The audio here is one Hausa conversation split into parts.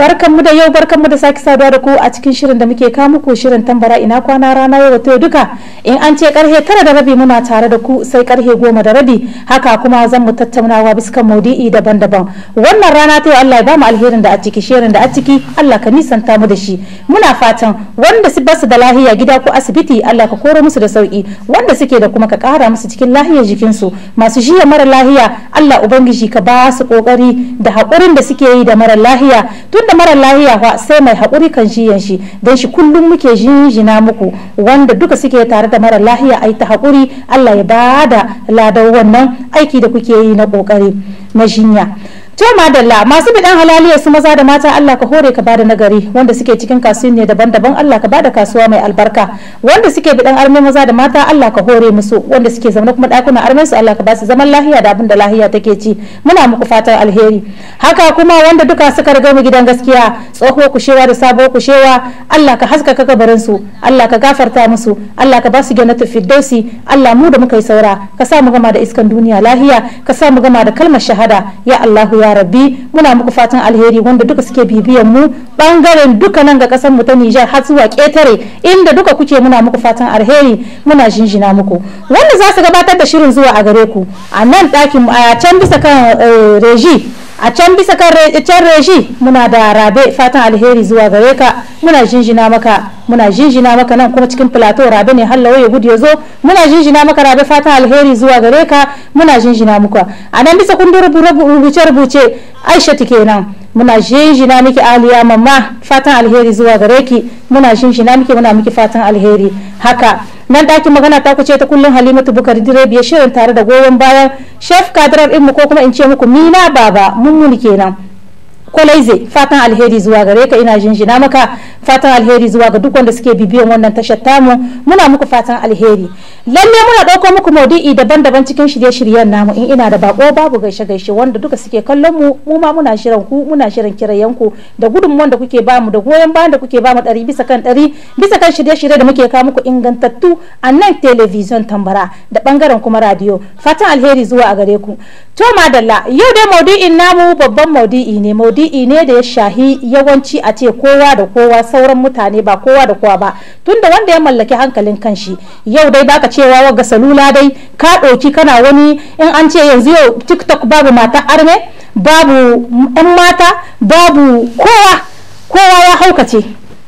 barkanmu da yau barkanmu da sake saduwa da ku a cikin shirin da muke kawo muku shirin tambara ina kwana rana yau wato duka in an ce karhe tara da rabi muna tare da ku sai karhe goma da rabi haka kuma zan mu tattaunawa biskan maudii daban-daban wannan rana ta yau Allah ya bamu alherin da a ciki shirin da a ciki Allah ka nisanta mu da shi muna fatan wanda su basu da lahiya gida ko asibiti Allah ka koro musu da sauki wanda suke da kuma ka kara musu cikin lahiyar jikinsu masu jiya mara lahiya Allah ubangiji ka ba su kokari da haƙurin da suke yi da mara lahiya tun da mara lahiya fa sai mai haƙuri kan jiyan shi don shi kullum muke jinjina muku wanda duka suke tare da mara lahiya a yi ta haƙuri Allah ya bada ladan wannan aiki da kuke yi na ƙoƙari na jinya to madalla masu bidan halaliya su maza da mata Allah ka hore ka bada nagari wanda suke cikin ne daban-daban Allah ka bada kasuwa mai albarka wanda suke bidan arme maza da mata Allah ka hore musu wanda suke zaune kuma dakunan armen su Allah ka ba su zaman lahiya da abin da lahiya take ci muna muku fatan alheri haka kuma wanda duka suka riga mu gidan gaskiya tsoho kushewa da sabo kushewa Allah ka haskaka kabarin su Allah ka gafarta musu Allah ka ba su jannatul firdausi Allah mu da muka yi saura ka sa mu gama da iskan duniya lahiya ka sa mu gama da kalmar shahada ya allah ya ya muna muku fatan alheri wanda duka suke bibiyan mu bangaren duka nan ga kasar mu ta Nijar har zuwa ketare inda duka kuke muna muku fatan alheri muna jinjina muku wanda za su gabatar da shirin zuwa a gare ku a nan ɗakin a can bisa kan eh, reji a can bisa kan can reshi muna da rabe fatan alheri zuwa gare ka muna jinjina maka muna jinjina maka nan kuma cikin plateau rabe ne hallawa ya gudu ya zo muna jinjina maka rabe fatan alheri zuwa gare ka muna jinjina muka a nan bisa kundin rubuce rubuce aisha kenan muna jinjina miki aliya mamma fatan alheri zuwa gare ki muna jinjina miki muna miki fatan alheri haka nan ɗakin magana ta kuce ta kullum halimatu bukari direbiya shirin tare da goyon bayan shef kadirar mu ko kuma in ce muku mina baba mun muni kenan kwalaize fatan alheri zuwa gare ka ina jinjina maka fatan alheri zuwa ga duk wanda suke bibiyan wannan tashar tamu muna muku fatan alheri lalle muna ɗauko muku maudu'i daban-daban cikin shirye-shiryen namu in ina da bako babu gaishe-gaishe wanda duka suke kallon mu mu ma muna shirin ku muna shirin kirayen ku da gudunmuwan da kuke bamu da goyon bayan da kuke bamu ɗari bisa kan ɗari bisa kan shirye-shirye da muke kawo muku ingantattu a nan television tambara da bangaren kuma radio fatan alheri zuwa a gare ku to madalla yau dai maudu'in namu babban maudu'i ne maudu'i addini ne da ya shahi yawanci a ce kowa da kowa sauran mutane ba kowa da kowa ba tunda wanda ya mallaki hankalin kanshi yau dai baka cewa waga salula dai ka ɗauki kana wani in an ce yanzu yau tiktok babu mata arme babu 'yan mata babu kowa kowa ya haukace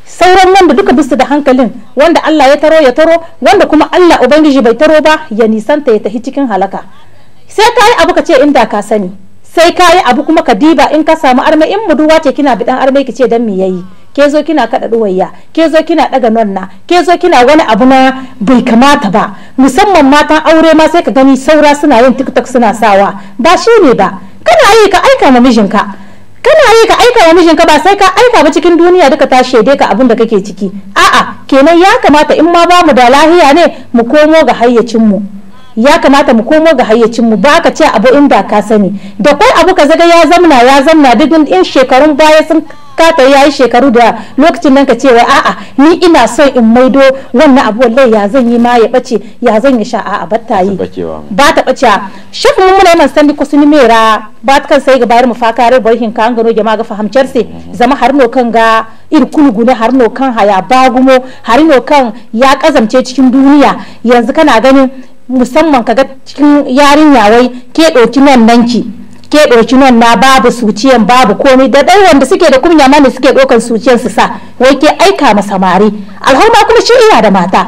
sauran wanda duka bisa da hankalin wanda Allah ya taro ya taro wanda kuma Allah Ubangiji bai taro ba ya nisanta ya tafi cikin halaka sai ka yi abu ka ce inda ka sani sai ka yi abu kuma ka diba in ka samu arme in duwa ce kina dan arme ki ce dan me yayi ke zo kina kada duwayya ke zo kina daga nonna ke zo kina wani abu na bai kamata ba musamman matan aure ma sai ka gani saura suna yin tiktok suna sawa ba shi ne ba kana yi ka aika kana yi ka aika wa mijinka ba sai ka aika ba cikin duniya duka ta shaide ka abin da kake ciki a'a kenan ya kamata in ma ba mu da lahiya ne mu komo ga hayyacin mu ya kamata mu komo ga hayyacin mu ba ka ce abu inda ka sani da kai abu ka zaga ya zamna ya zamna duk in shekarun baya sun kata ya yi shekaru da lokacin nan ka ce wai a'a ni ina son in maido wannan abu wallahi ya zan yi ma ya bace ya zan yi sha a ba ta yi ba ta bace shef mun muna nan sandi mera ba ta kan sai ga bayar mu fakare boy hin kan gano jama'a ga fahamcar se mhm. zama har no kan ga ir kulgune har no kan haya bagumo har no kan ya kazamce cikin duniya yanzu kana ganin musamman kaga cikin yarinya wai ke ɗauki nan nanki ke ɗauki nan na babu suciyan babu komai da ɗan wanda suke da kunya ma ne suke ɗaukan suciyan su sa wai ke aika ma samari alhauma kuma shi iya da mata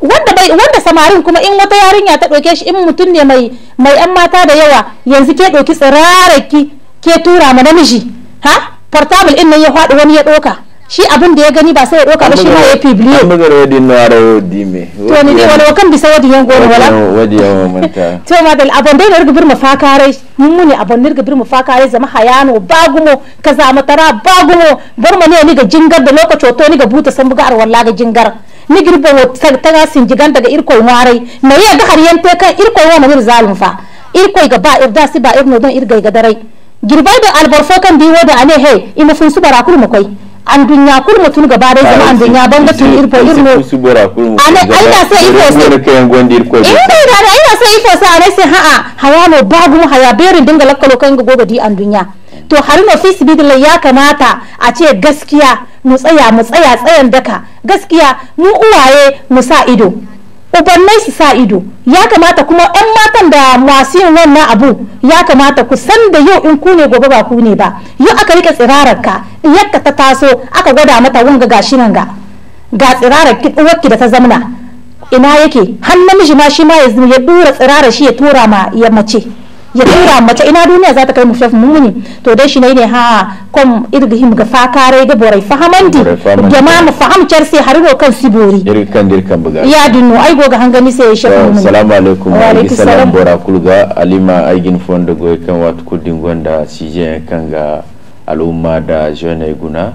wanda bai wanda samarin kuma in wata yarinya ta ɗauke shi in mutum ne mai mai yan mata da yawa yanzu ke ɗauki tsirararki ke tura ma namiji ha portable in nan ya faɗi wani ya ɗauka shi abin da ya gani ba sai ya doka ba shi ma ya fi biliyo an bugar wadin na wadi dime to ni wani wakan bisa wadi yan goro wala wadi yan manta to ma dal abon dai nirga birma fakare mun muni abon nirga birma fakare zama hayano bagumo kaza matara bagumo barma ne ni ga jingar da lokaci to ni ga buta san bugar walla ga jingar ni girbo sin jigan daga irkoi warai na ya ga har yanta kan irkoi wa mamir zalun fa irkoi ga ba irda si ba irno don irgai ga darai girbai da albarfo kan biwo da ane he ina fun su barakul makwai an dunya kul tun gaba dai zama an dunya ban da tun irfo irmo ana aina sai ifo sai inda eh, da da sai ifo sai ana sai ha'a haya no babu haya berin dinga lakkalo kan ga gobe di an dunya to har ofis fi sibidilla ya kamata a ce gaskiya mu tsaya mu tsaya tsayan daka gaskiya mu uwaye mu sa ido ubannai su sa ido ya kamata kuma 'yan matan da masu yin wannan abu ya kamata ku san da yau in ku ne gobe ba ku ne ba yau aka rike tsirararka yadda ta taso aka gwada mata wanga shi nan ga ga tsirarar ki da ta zamna ina yake har namiji ma shi ma ya dura tsirarar shi ya tura ma ya mace ya tura mace ina duniya za ta kai mu shaf muni to dai shi ne ha kom irgihim ga fakare ga borai fahamandi da ma mu fahamcar sai har ro kan sibori irkan dirkan buga ya dinno ai goga hangani sai shaf muni assalamu alaikum wa alaikum salam bora kulga alima aigin da goy kan wat kudin gonda sije kan ga al'umma da jone guna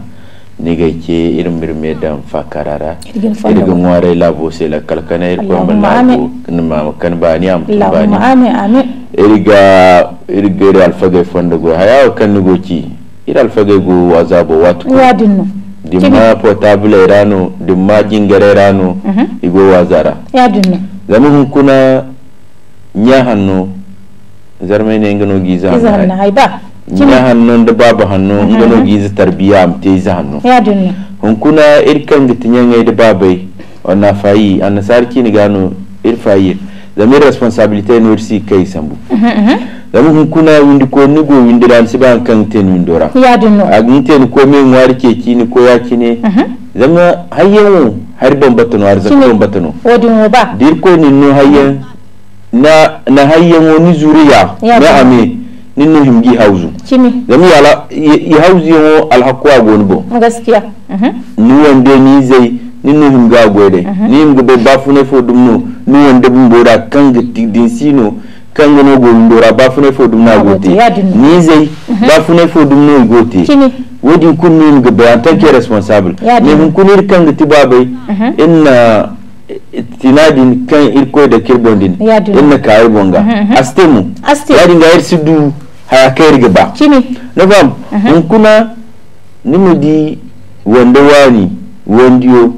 niga ke irin birme dan fakarara irgin ware labo sai la kalkana irkon balabo kan ba ni am ba ni amin amin irga irga ir alfagai fonda go haya kan nugo ci ir alfagai go wazabo watu wa dinno dimma portable irano dimma jingare rano uh mhm. igo wazara ya dinno zamu hun kuna nya hanno zarmai ne ngano giza hanno hay ba nya hanno da baba hanno mhm. ngano giza tarbiya am te giza hanno ya dinno hun kuna ir kan gitinyan da babai wannan fayi annasarki ni gano irfayi zami responsabilité ne irsi kai sambu zami hun kuna windi ko ni go windi dal ban kan ten windora ya dinno agin ten ko men wari ke ni ko ya kine zami hayyan har don batano har zakka don batano odin wo ba dir ko ni no hayyan na na hayyan woni zuriya na ame ni no himgi hauzu kimi zami yala ya hauzu yo alhaqwa gonbo gaskiya ni wande ni zai ninu ga gwede ni hinga be bafune fo dumno ni wonde bumbora kanga din sino kanga no gondora bafune fo dumna gote ni zai bafune fo dumno gote wodi kunni hinga be ba tant que responsable ni hun kunir kanga tibabe inna tinadin kan irko da kirbondin inna kayi bonga astemu yadin ga yarsi du haya kai gaba kini na fam in kuna di wanda wani wandiyo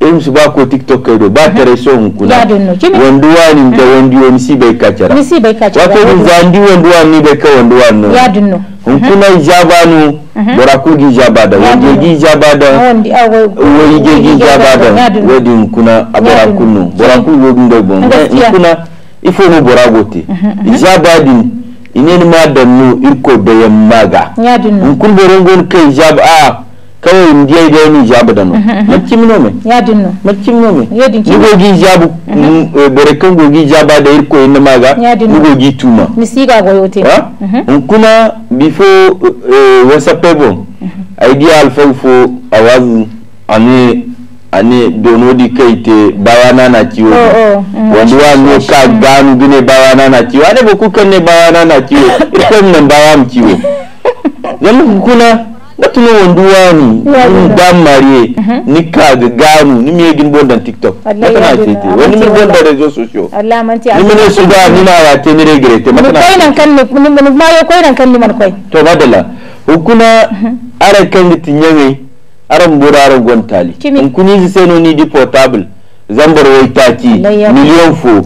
em su ba ko tiktok kai do ba tare so hun kuna wandu wani da wandu wani si bai kacara ni si bai kacara wato ni zandi wandu wani bai ka wandu wani ya dunno hun kuna jabanu bora ku gi jabada wani gi jabada wani ah, gi gi jabada wadi hun kuna abara kunu bora ku go ndo bon hun eh, kuna ifo no bora gote jabadin inen ma danno irko da yammaga hun kun borongon kai jab a ah, kawai mu e, de da ni jabu da no maccim me ya din no maccim no me ya din ni gogi jabu bore kan gogi jaba da irko inda maga ni gogi tuma mi siga goyote kuma before wasa pebo ideal fo fo awazu ane ane dono di kaite bawana na ciwo oh, oh. wanda wa no ka ganu gine bawana na ciwo ane boku kan ne bawana na ciwo irko nan bawana ciwo zan kuna gatino wonduwani ɗum dam marié mhm. ni ga ganu nimi yegin bondan tiktok matana tete woni min bonda réseaux sociaux nan kan ni ni ma yo kanni nan kan ni man koy to madala hunkuna mhm. ara kangi ti ñaŋey aran bora ara gontali hunkunizi seno di portable zambar wai taki miliyan fo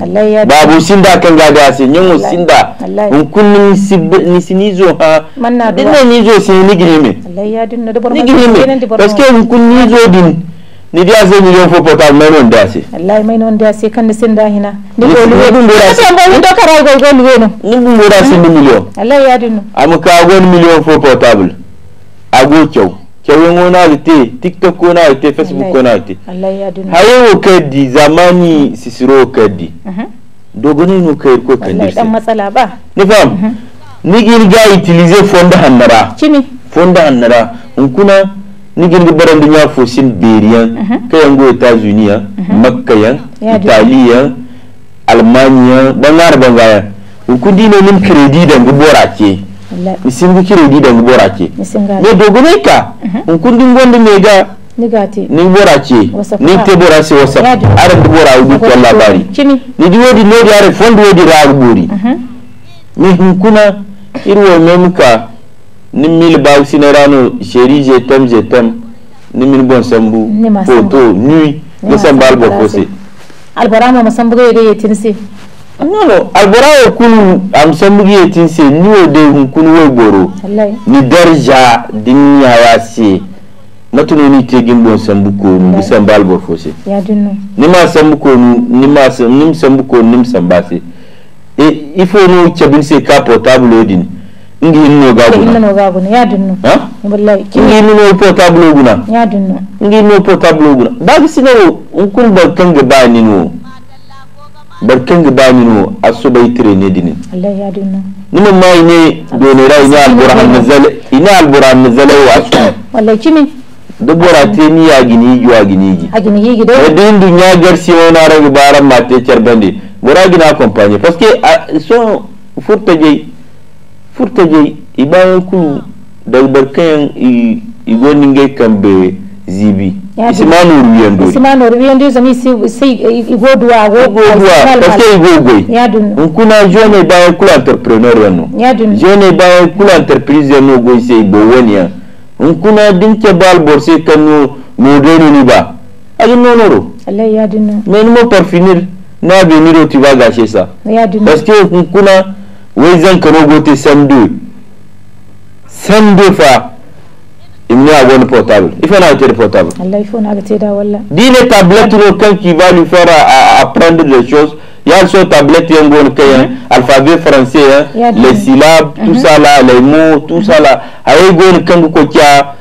babu sinda kan gaga se nyen mu sinda un kunni ni sinizo ha dinne ni zo se ni grime ni grime paske que un kunni zo din ni dia se miliyan fo pota mai non dia se wallahi mai non dia se kan ni sinda hina ni ko luwe dun do se bo do kara go go ni weno ni bu mo da se ni hmm? miliyon wallahi ya dinu am ka go miliyan fo potable go kyau kewingo na alite tiktok na alite facebook na alite hayo kadi zamani mm-hmm. sisiro kadi dogone no kayir ko kandir dan matsala ba ni fam mm-hmm. ni gilga utiliser fonda hannara chini fonda hannara unkuna ni gilga baran dunya fosin beriyan mm-hmm. kayan go etats-unis ya makka ya itali ya almanya dan arban gaya unkudi ne nim credit dan gubora ce mi simbi kiri di da ngora ke ne dogone ka un kundi ngonde me ga ni uh-huh. bora ce ni te bora se wasa ara di bora udu ko labari ni di wodi no di ara fondi wodi ra buri uh-huh. ni hunkuna irwo ka ni mil baw sinerano chéri je tem je tem ni min bon sambu ko to nuit ni sambal bo kose albara ma sambu ga yede yetinse nono albora kunu amsambugi yetin se ni wo de kunu wo gboro ni darja dunya wa se matuno ni tegin bon sambu ko nu bi samba albo fose ya ni ma sambu ko nu ni ma ni sambu ko ni samba se e ifo no chabin se ka portable odin ngi no gabuna ngi no gabuna ya dinu ha wallahi ngi no portable guna ya dinu ngi no portable guna ba gi sinero un kun ba kanga ba ni no barkan ga bani no asu bai tire ne dinin Allah ya dinna nima mai ne dole rai ne alburhan zal ina alburhan zal wa asu wallahi kimi dubura te ni ya gini yi gini gi a gini gi da din dunya garsi ona rag baran mate charbande bura gina compagnie parce so furta je furta je ibayan ku dal barkan i i goninge zibi isimanuruyendo isimanuruyendo izo si igodwa godwa parce On ne jeune ba ku entrepreneur yano jeune ba ku entreprise yano go se bowenia nkuna bal borse kanu ni ba ali nonoro mais pour finir na venir tu vas gâcher ça parce que imni a wani portable il na te portable Allah il faut na te da walla dine tablette no kan qui va lui faire à apprendre les choses ya so tablette yang gon kay mhm. alphabet français hein, les syllabes tout mhm. ça là les mots tout ça là ay gon kan ko kya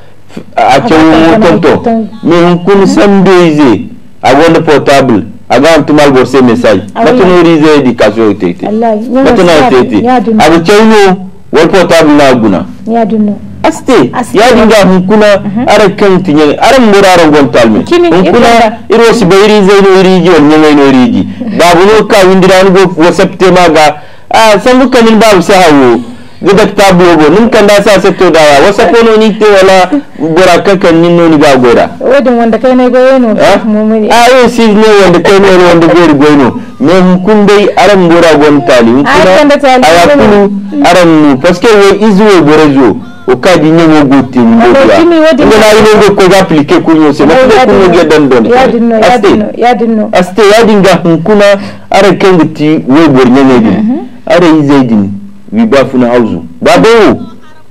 a cewu tonto mi hun kun san beize a mhm. wani portable aga an tumal bo se message batun rize di kaso tete Allah batun tete abu cewu wal portable na guna ya dunno aste yadi ga hunkuna mhm. ara kan tinye ara murara gontal me hunkuna iro si bayri zaino irigi on nyenge no irigi babu no ka windira no go wasapte maga a ah, sambu kanin babu sa hawo gidak ta bobo nin kan da sa setto dawa wasa kono eh. ni te wala bura kakan nin noni ga gora wadin wanda kai ne goyo no eh? mumuni a ah, yo si ne wanda kai ne wanda gori goyo no me kun dai aran gora gon tali kun ara kulu aran mu paske wo izuwe gorejo o ka di ne wo guti ni do ya ne na ile ngo ko ga appliquer ko yo se na ko ko ge dan don ya dinno ya dinno ya dinno aste ya dinga hun kuna ara kengti wo gornye ne din mhm. ara izedin wi ba funa hauzu babawo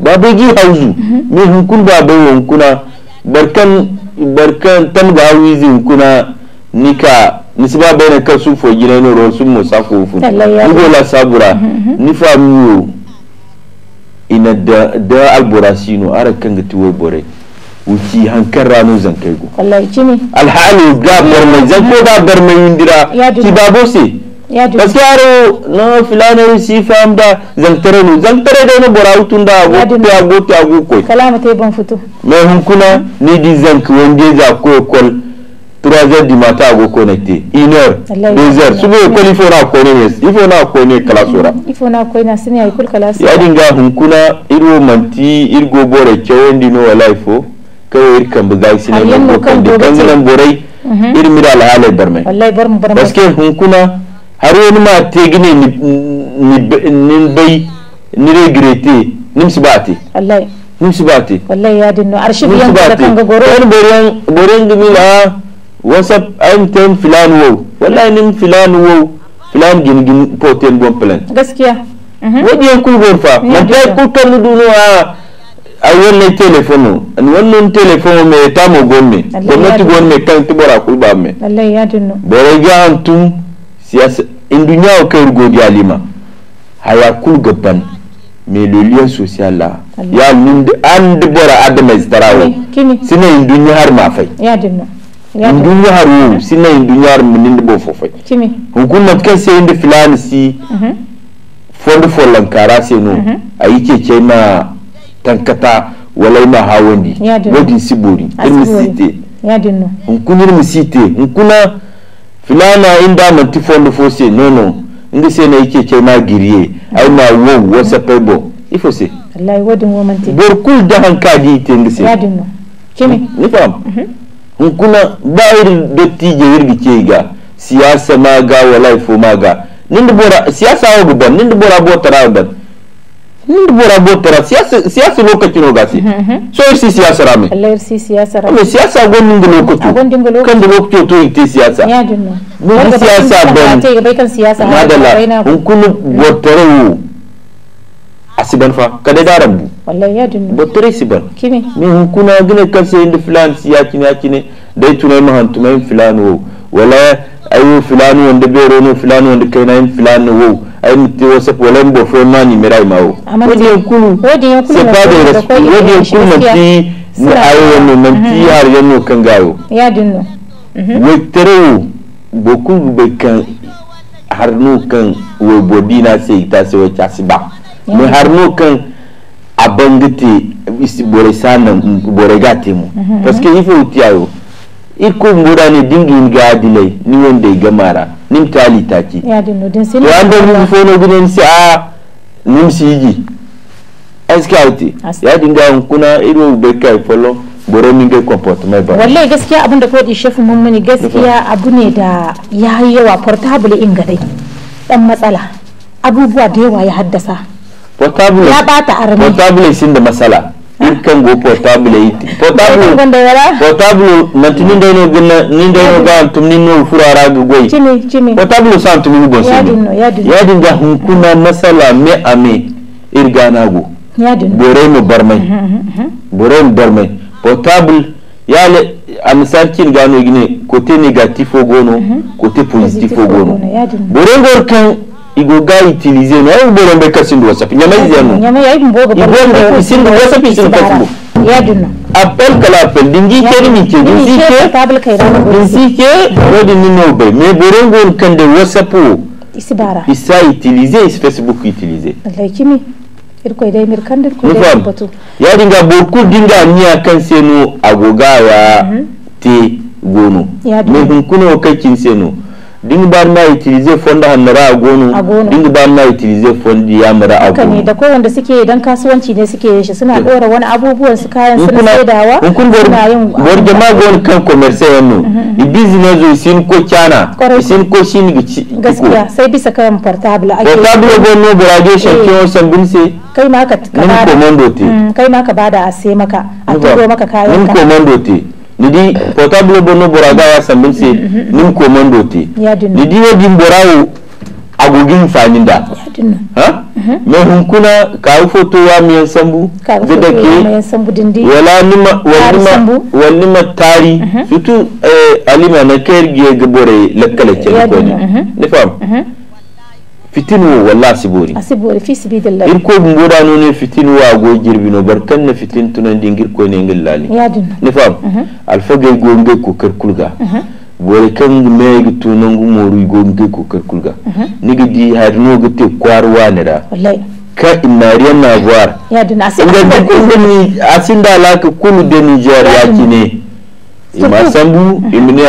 babaji hauzu mi mhm. hunkun babawo hunkuna barkan barkan tan ga wizi hunkuna nika nisi ba bayan kan sun fo gina ne ruwan sun musa fofu ugo la sabura mhm, mhm. ni famiyo ina da da alburasino ara kan ga tuwo bore wuci hankar ranu zankai go wallahi cini alhali ga mai zanko ba mai indira ki babo se parce que aro no si fam da zantare no zantare da no bora utunda go te ago te kalama te ban futu me hun kuna ni di zank wonde za ko kol 3 heures du ago konekte. 1 heure 2 heures subo ko il faut na ko ne il faut na ko ne kalasora. sura mm, na ko na sini ay kul ya dinga hun irwo manti irgo bore ke di no wala kawai irkan bugai sine ko kan dikan nan borai mhm. irmira la hale barme wallahi barmu barmu parce que har wani ma te gine ni bai ni regrete nimsi ba te wallahi nim si bate wallahi ya dinno arshib yan da kan ga goro wani boren boren gimi la whatsapp i'm ten filan wo wallahi nim filan wo filan gin gin poten bon plan gaskiya mhm. wadi yan kul gon fa man ta ku kan duno a a wannan telefono an wannan telefono me tamo gomme gwamnati gomme kan tibora kulba me wallahi ya dinno boren ga antum siyasa indu ñaawo kayru goodi alima haya kul gabban mais le lien social la ya nunde ande bora adama starawo sina indu ñahar ma fay indu ñahar wo sina indu ñahar mu ninde bo fo fay hukunna kan se inde filani si mhm. fonde fo lankara se no mhm. ayi ce ce ma tankata walai ma hawandi wadin sibori irmi site hunkunirmi site hunkuna fulana inda manti fondo fose non non inga se na yake ke ma giriye ai ma wo wo pe bo ifo se wallahi wadin wo manti bor kul da han ka di te inga se wadin no kimi ni fam mhm. hun kuna bayir ti je wirgi ke ga siyasa ma ga wallahi fo ma ga ninda bora siyasa wo ban ninda bora bo tara ban ndu bora bo siyasa siyasa lo kati gasi so irsi siyasa rame Allah irsi siyasa rame siyasa gon ndu lo kutu gon dingo lo kan lo kutu to irti siyasa ya dinno mu siyasa ban ta ga kan siyasa ma dala un kullu mm. bo tara wu asiban fa kada daran bu wallahi ya dinno bo tara siban kimi mi hun kuna gine kan sai ndu filan siya kini ya dai tunai mahantumai filan wo wala ayu filan wanda bero no filan wanda kainain filan wo ayi te wasapu wala mbo fema ni merai mawo wodi yankulu wodi yankulu c'est pas des wodi yankulu nanti ni ayo yanu nanti har mhm. yanu kangayo ya dinno mhm. we terewu boku be kan har nu kan we bodina se ita se we chasiba me har nu kan abangiti isi bore sana bore gati mu mhm, parce que il faut tiayo iko murani dingi ngadile ni wonde gamara nim tali taki ya dinno din sin ya ndo mi fo no ginen si a nim siji escouti ya dinga on kuna iro be kai e folo boro min ga comportement ba wallahi gaskiya abun da ka wadi shefin mummuni gaskiya abu ne da ya yi yawa portable in ga dai dan matsala abubuwa da yawa ya haddasa portable ya bata armi portable sin da matsala kango portable yiti portable portable nanti ni ndeno gna ni ndeno ga tum ni no ga portable tum ni ga masala me ame go bore barmai mhm, mhm, mhm. bore barmai portable kin gano gine côté négatif côté positif bore kan igoga utilize na yo bolo mbeka sindu wasapi nyama hizi ya nungu nyama ya hizi mboga igonga sindu wasapi sindu kasibu ya duna appel kala appel dingi keri mi ke dingi ke tabla kaira dingi ke rodi ni nobe me borongo kande wasapu isibara isa utilize is facebook utilize Allah kimi irko dai mir kande ko dai batu ya dinga borku dinga niya kan seno agoga ya te gono me hun kuno kakin seno dinga ba na utilize fond da hannara a gonu dinga ba na utilize fond ya mara a gonu da ko wanda suke idan kasuwanci ne suke yin shi suna dora wani abubuwan su kayan su na saidawa suna yin bor ma gon kan commerce yanno i mm-hmm, mm-hmm. business yi sin ko kyana sin ko gici gaskiya sai bisa kan portable ake portable gonno buraje eh. shakiyo sambin sai kai ma ka ka mm, kai ma ka bada a sai maka a tabo maka kayan ka commando te nidi portable bono boraga ya sambin se mm-hmm. nim komando te nidi ye din borawo agogin faninda ha mm-hmm. me hunkuna ka foto wa miyan sambu zada ke wala nima walima walima tari mm-hmm. surtout eh, alima na kergiye gbore lakkala ce ko ne ne fam fitinu walla sibori asibori fi sibidillah irko bumboda no ne fitinu wa go no barkan na fitin tunan din girko ne ngil lali ni fam mhm. alfa gay go nge ko kerkulga mhm. bore kan me gi tunan gu moru go nge ko kerkulga mhm. ni gi di har no gi te kwarwa ne da wallahi ka inariya na buwar asinda la alaka kulu da nijar ki ne ima sambu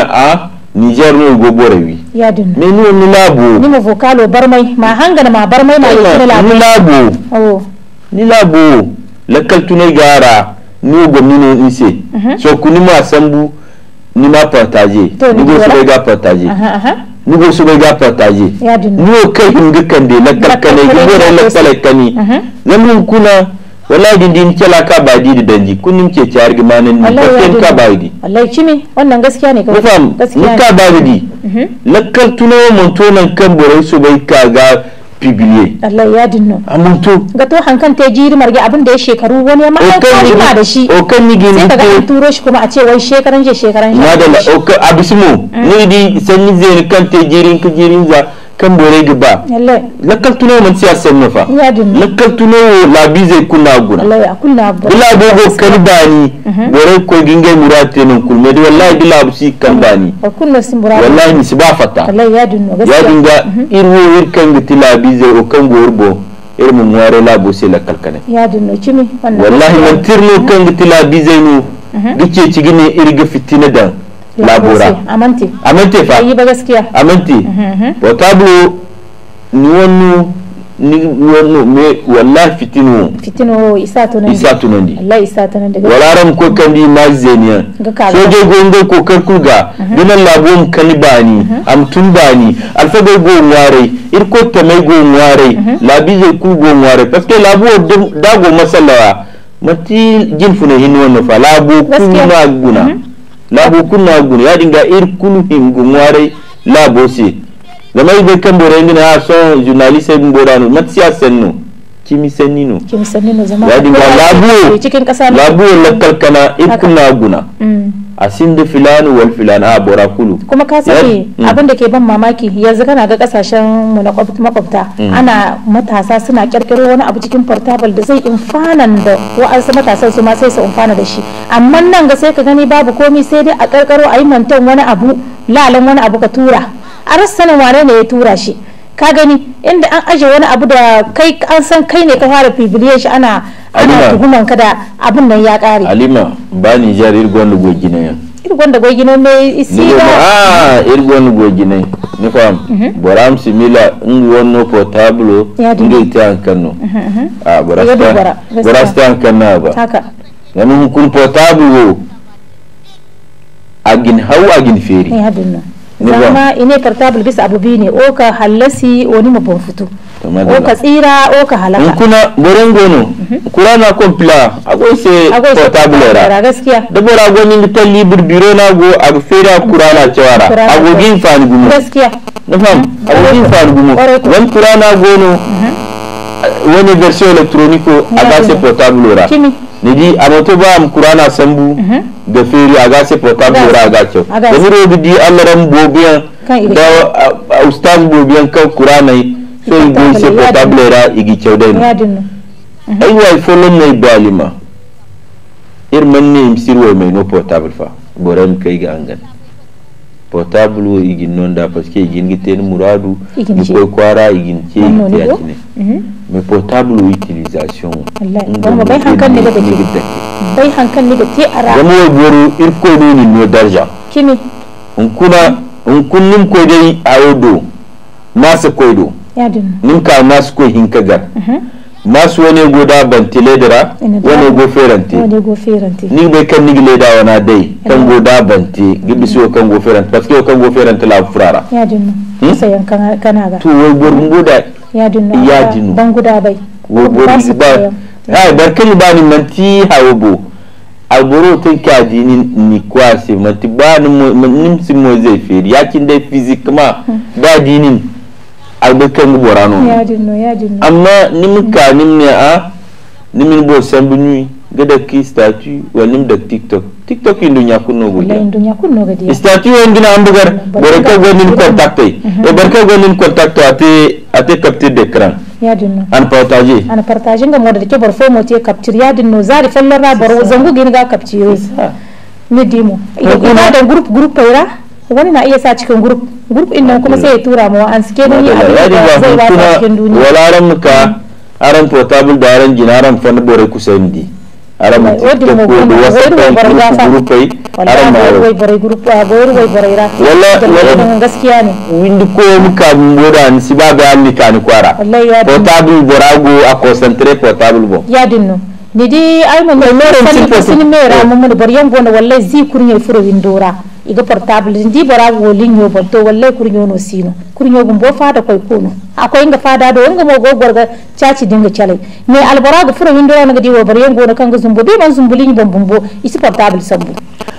a niger no gobo rewi me ni ni labo ni mo vocalo barmai ma hangana ma barmai ma ni labo ni labo oh ni labo lakkal tunai gara ni go ni no nse so kuni ma sambu ni ma partager ni go so ga partager ni go so ga partager ni o kai hin gukan de lakkal kane gobore lakkal kani namun kuna wallahi din din kela ka ba di danji kunim ke ci argi manin ni ka ken ka ba di wallahi cimi wannan gaskiya ne kawai fam ni ka ba di mhm. lakkar tuno mun tonan kan burai su bai ka ga pibiliye Allah ya dinno amma to ga to hankan ta jiri marge abin da ya shekaru wani ya ka ba da shi o kan ni gini sai ka turo shi kuma a ce wai shekaran je shekaran je madalla o ka abismo mm. ni di sanni zai kan ta jiri ka jiri za kan bore gi ba lakkal tuno man siya sen no fa lakkal tuno la bize kunna guna la kunna ba bila bogo kan bani mhm. bore ko ginge murate non kul me wallahi bila si kan bani kunna simbura wallahi ni siba fata wallahi ya dinno gaskiya ya dinga mhm. irwo wir kan gi tila bize o kan gorbo mu muware la bose lakkal kane ya dinno cimi wallahi man tirno kan gi tila bize no mhm. gice cigine irga fitina dan labura amante aminti fa yi ba gaskiya amante mm-hmm. wa tablo ni wonu ni wonu me wallahi fitinu fitinu isa tunandi. isa tunan di wallahi isa tunan daga walaran ko kan so je go gongo ko kar ga dinan labon kalbani am tunbani alfa go go ngare irko tamay go ngare mm-hmm. labi je ku go ngare parce que da go masalawa mati jin fune no fa labo kuma guna mm-hmm. lahu kunna gun ya dinga ir kulu him gumware la bosi zama ibe kambore ngina ha so journaliste mbodanu matsiya senno kimi sennino kimi sennino zama ya dinga labu cikin kasa labu lakkal kana ir kunna guna mm. a da filanu wal filan a ah, bora kulu kuma ka sani mm. abin da ke ban mamaki yanzu kana ga kasashen mu na makwabta mm. ana matasa suna kirkiro wani abu cikin portable da zai infanan da wa'ansu matasan su ma sai su infana da shi amma nan ga sai ka gani babu komai sai dai a karkaro a yi mantan wani abu lalan wani abu ka tura a rasa wane ne ya tura shi ka gani inda an aje wani abu da kai an san kai ne ka fara fibiliye shi ana tuhuman ka da abun nan ya kare alima ba ni jari irgon da gogine yan irgon da gogine ne isi ba ah irgon da gogine ni fam mhm. boram simila ngi wonno ko tablo ngi ti an kanno mhm, mhm. ah borasta borasta an kanna ba haka yamin kun portable wo agin hawa agin feri ya zama ine karta bisa abu bi ne o ka wani mabon fito o ka tsira o ka halaka kuna gurin gono mhm. kura na kompla akwai se portable ra gaskiya da bora ta libur biro na go a fere kura na cewara agogin fani gumo gaskiya na fam agogin fani gumo wani kura na gono mhm. wani version électronique aga se portable ora ni di moto ba am qur'ana sambu mhm. da feri aga se portable ora aga ce da miro di alaran bobiyan da ustaz bobiyan kan qur'ana so go se portable ora igi cewden mhm. ai wai folon mai balima irman ne imsirwa mai no portable fa boran kai ga an portable igin non da parce que igin giten muradu ni ko kwara igin ce ya kine mais portable utilisation wallahi bai hankan ne ga take bai hankan ne ga te ara zama goro irko do ni no darja kime un kuna in kunnin ko dai ayodo nasu koido ya din nim ka nasu ko hinka gar mhm. masu wani goda bantile dira wani go ferante ferante ni bai kan ni gile da wana dai kan goda bante gibi siwo kan go ferante parce que kan go ferante la furara ya dinno hmm? sayan kan kana ga to wai gurbin goda ya dinno ya dinno ban goda bai wo gurbin ba ai barkani ba ni manti hawo alboro tun ka dini ni kwasi manti ba ni nimsi mo zai feri yakin dai physiquement hmm. da dinin albekan bora no amma nim ka nim ne a nim bo sambu nui gada ki statue wa nim da tiktok tiktok indu nya kunno go dia indu nya kunno go dia statue en dina ambugar barka go nim contacte e barka go nim contacte ate ate capture ya yadinno an partage an partage ngam wadde ke bor fo mo te capture yadinno zari fallora bor zangu gin ga capture mi dimo ida da group group era wani na iya sa cikin grup grup din nan kuma sai ya tura mu an suke ne yi abin da zai cikin duniya walaran muka aran portable da aran bore di aran mu ko ah, da wasa kan grup aran ma wai bare grup a gore wai bare ra wallahi gaskiya ne windi ko muka an si ba an ni kan kwara portable borago a concentrate portable bo ya dinno ni di ay mo mo sanni ko sinimera mo mo wallahi zi kurnye furo windora iga portable ndi bora woli nyo bonto walle kur nyo no sino kur nyo gumbo fada koy kuno akoy nga fada do nga mo go gorga chachi dinga chale me albara go furo windo na gadi wo bare ngo na kanga zumbo be man zumbuli ni bombumbo isi portable sabu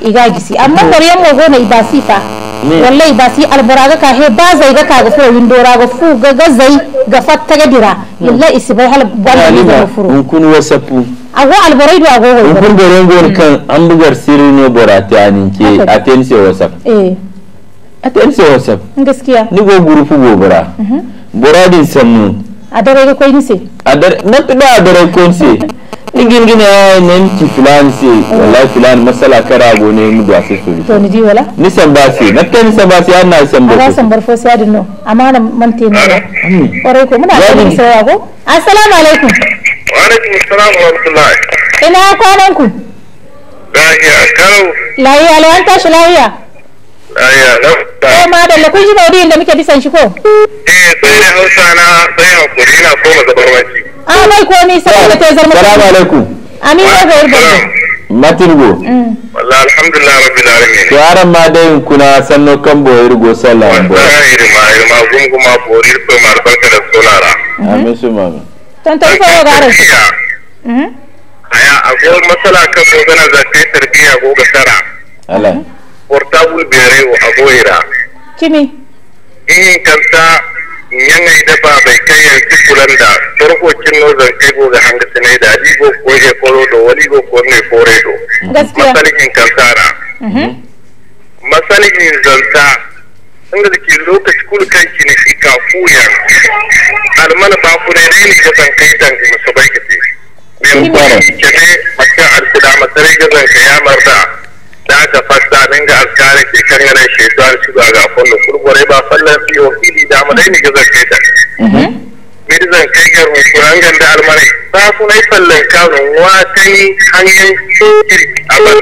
iga gisi amma bare mo go na ibasifa wallahi ba si albura ga he ba zai ga ka ga fura windora ga fu ga gazai zai ga fatta ga dira illa hmm. bai hal bala ni ga furu in kun wasapu ago alborai do ago wai in kun boren gon kan an bugar sirri ne borati anin ke aten se wasap eh aten se wasap gaskiya ni go gurufu gobara boradin mhm. sannu a adarege koy ni se adar nan a adare ko se ingin gina ya yi nan ti ah, filan se wallahi filan masala kara go ne mu da se so to ni ji wala ni san ba se na kan san ba se an na san ba ra san bar fo se adin no amma nan man te ne ore ko muna da sai go assalamu alaikum wa alaikum assalam wa rahmatullahi ina kwanan ku lahiya kalau lahiya lawan tashi lahiya Ko ma da kun ji maudu'in da muke bisan shi ko? Eh sai da Hausa na sai hakuri na koma zabarmanci. Ah ni sai da ta mu. Assalamu alaikum. Amin ya ga yarda. Matingo. Mm. Wallahi alhamdulillah rabbil alamin. To aran ma dai kuna sanno kan boyir go sallah Wallahi irma irma gun kuma boyir ko mar barka da solara. Amin mm-hmm. su mami. Tantan fa ga aran. Mhm. Aya akwai matsala kan magana zakai tarbiya ko ga Allah. Mm-hmm. portable bere o aboira kini in kanta yanayi ida ba bai kai yanzu kulan da farko cin zan kai go ga hanga sinai da go ko je koro do wali go ko ne kore do ra kansara mhm. masalihin zanta inda dake ke lokaci kul kan ki ne shi ka fuya almana ba ku ne ne ga san kai dan ki musabai ki ne ne ke ne makan alsida masarai ga zan kayamar da da aka fasta min ga azkare ke kan yana shaitan shi ga ga kullu kurgure ba fallan fi wa fili da mu dai ni ga zake ta mirzan kai ga mu kuran ganda almarai ba ku nai fallan kawo wa kai hanyar shirki aban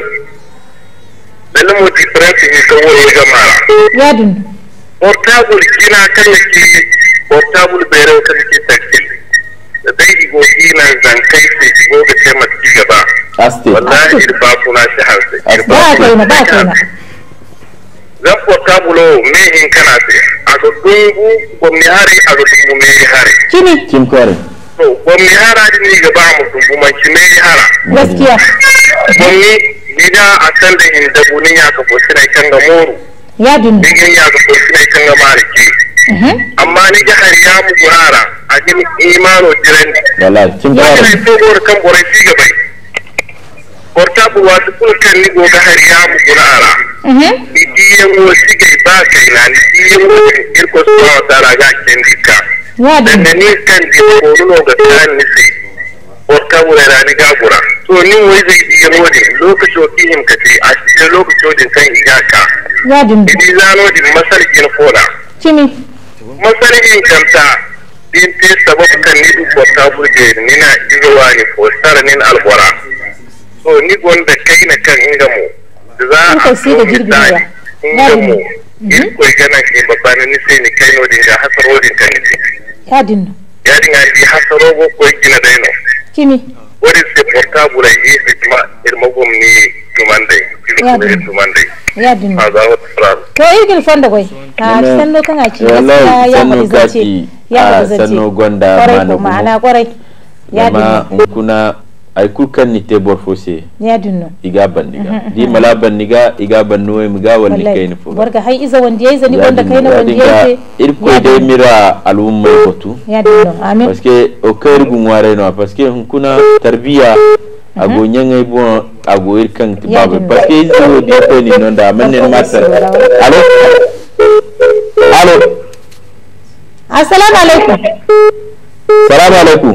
dalin mu difference ni ko wani jama'a yadin portable kina kan ki portable bayran kan ki takil dai igo ina zankai ke igo da ce maski gaba wallahi irba kuna shi harse ba kai na ba kai na zan kwata bulo me in kana se a ga dungu gwamni hari a ga dungu me hari kini kin kore to gwamni hara ni gaba mu dungu man shi me hara gaskiya gwamni gida a san da in dabu ni ya ka fosi na kan ga moru ya dungu ya ka fosi na kan ga mariki Mm-hmm. amma ni har ya mu gurara a jin imano jirani wallahi kin ga wannan to kan gore fi gaba korta bu wa su kun kan ni ga har ya mu gurara ni diyan mu shi ga ba kai na ni diyan wo ko so wa tara ga kin dika dan ni kan di ko no ga kan ni sai korta da ni ga gura to ni wai zai diyan mu din lokacin him ka ce a cikin lokacin din kan igaka ya din ni zano din masal foda kini masargin kanta din te sababta ni du ta burge ni na jiwa ni fostar ni albora so ni gonda kai na kan inga mu za a so misali inga mu in mhm. ko gana ke babana ni sai ni kai no ga hasaro din kan ni ya din ya dinga ni hasaro ko kina gina dai kini kimi wori se portable e ma irmagom ni to monday to monday ya dun a ah, sanno kan kuna ay kulkan ni tebor fose ya dunno iga bandiga di mala bandiga iga banno e miga wonni kayni fo barka hay iza wandi ay zani wanda kayna wandi ay ir ko de mira alum mai ya dunno amin parce que o kayr gun ware no parce que hun kuna tarbiya ago mhm. ñangay bon ago ir kan ti babe parce que izo di ko ni non da men ne ma matter allo allo assalamu alaikum assalamu alaikum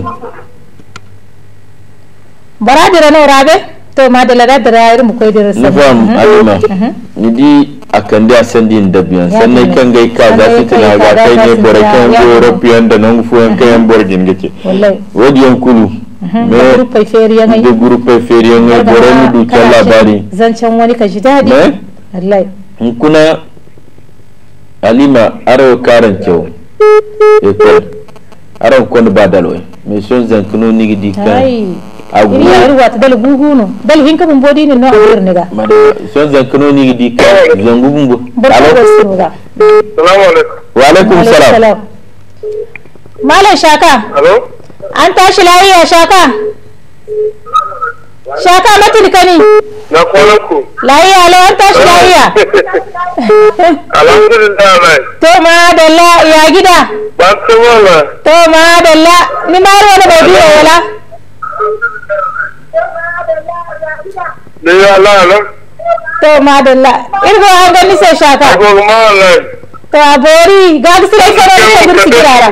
baradira no rabe to ma da lada da ir mu koy dira sa nufam mhm. alima mhm. ni di akan da san din da biyan sannan kan gai ka za su tana ga kai ne barakan european da nan fuwan kayan borgin gace wallahi wadiyan kulu da feriyan gore mu labari zancen wani ka ji in kuna alima kyau eh, ba dalwai son ni gidi kan ta dal dal hinka bodi ne no ne ga son ni gidi kan zangu salamu alaikum wa alaikum salam malam shaka alo an tashi lafiya shaka shaka matulka ne na kwananku lafiya alo an tashi lafiya alhamdulillah mai to ma dalla ya gida ba su wala to ma dalla ni ma wani bai biya wala ne ya lala to ma dalla irgo an gani sai shaka to abori ga su dai sanar da gurfi girara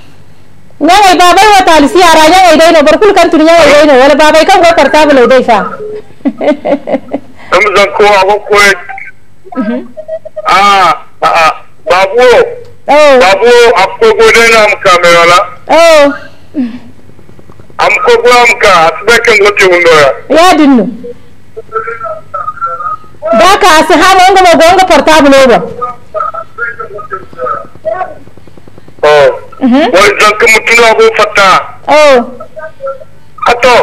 não é babay wa talisiyara ñangay dayno bor kul não ñangay dayno wala babay kam não cartable day fa ɗum zan ko ago koye a mhm. aa ah, ah, ah, babu o oh. babu o am kogodena am ka mi wala oh. am kogo não ka asibe ken não wundoya não daka asi hano ongo mo gongo não oba o Mm-hmm. zan zanka mutum abu fata oh. to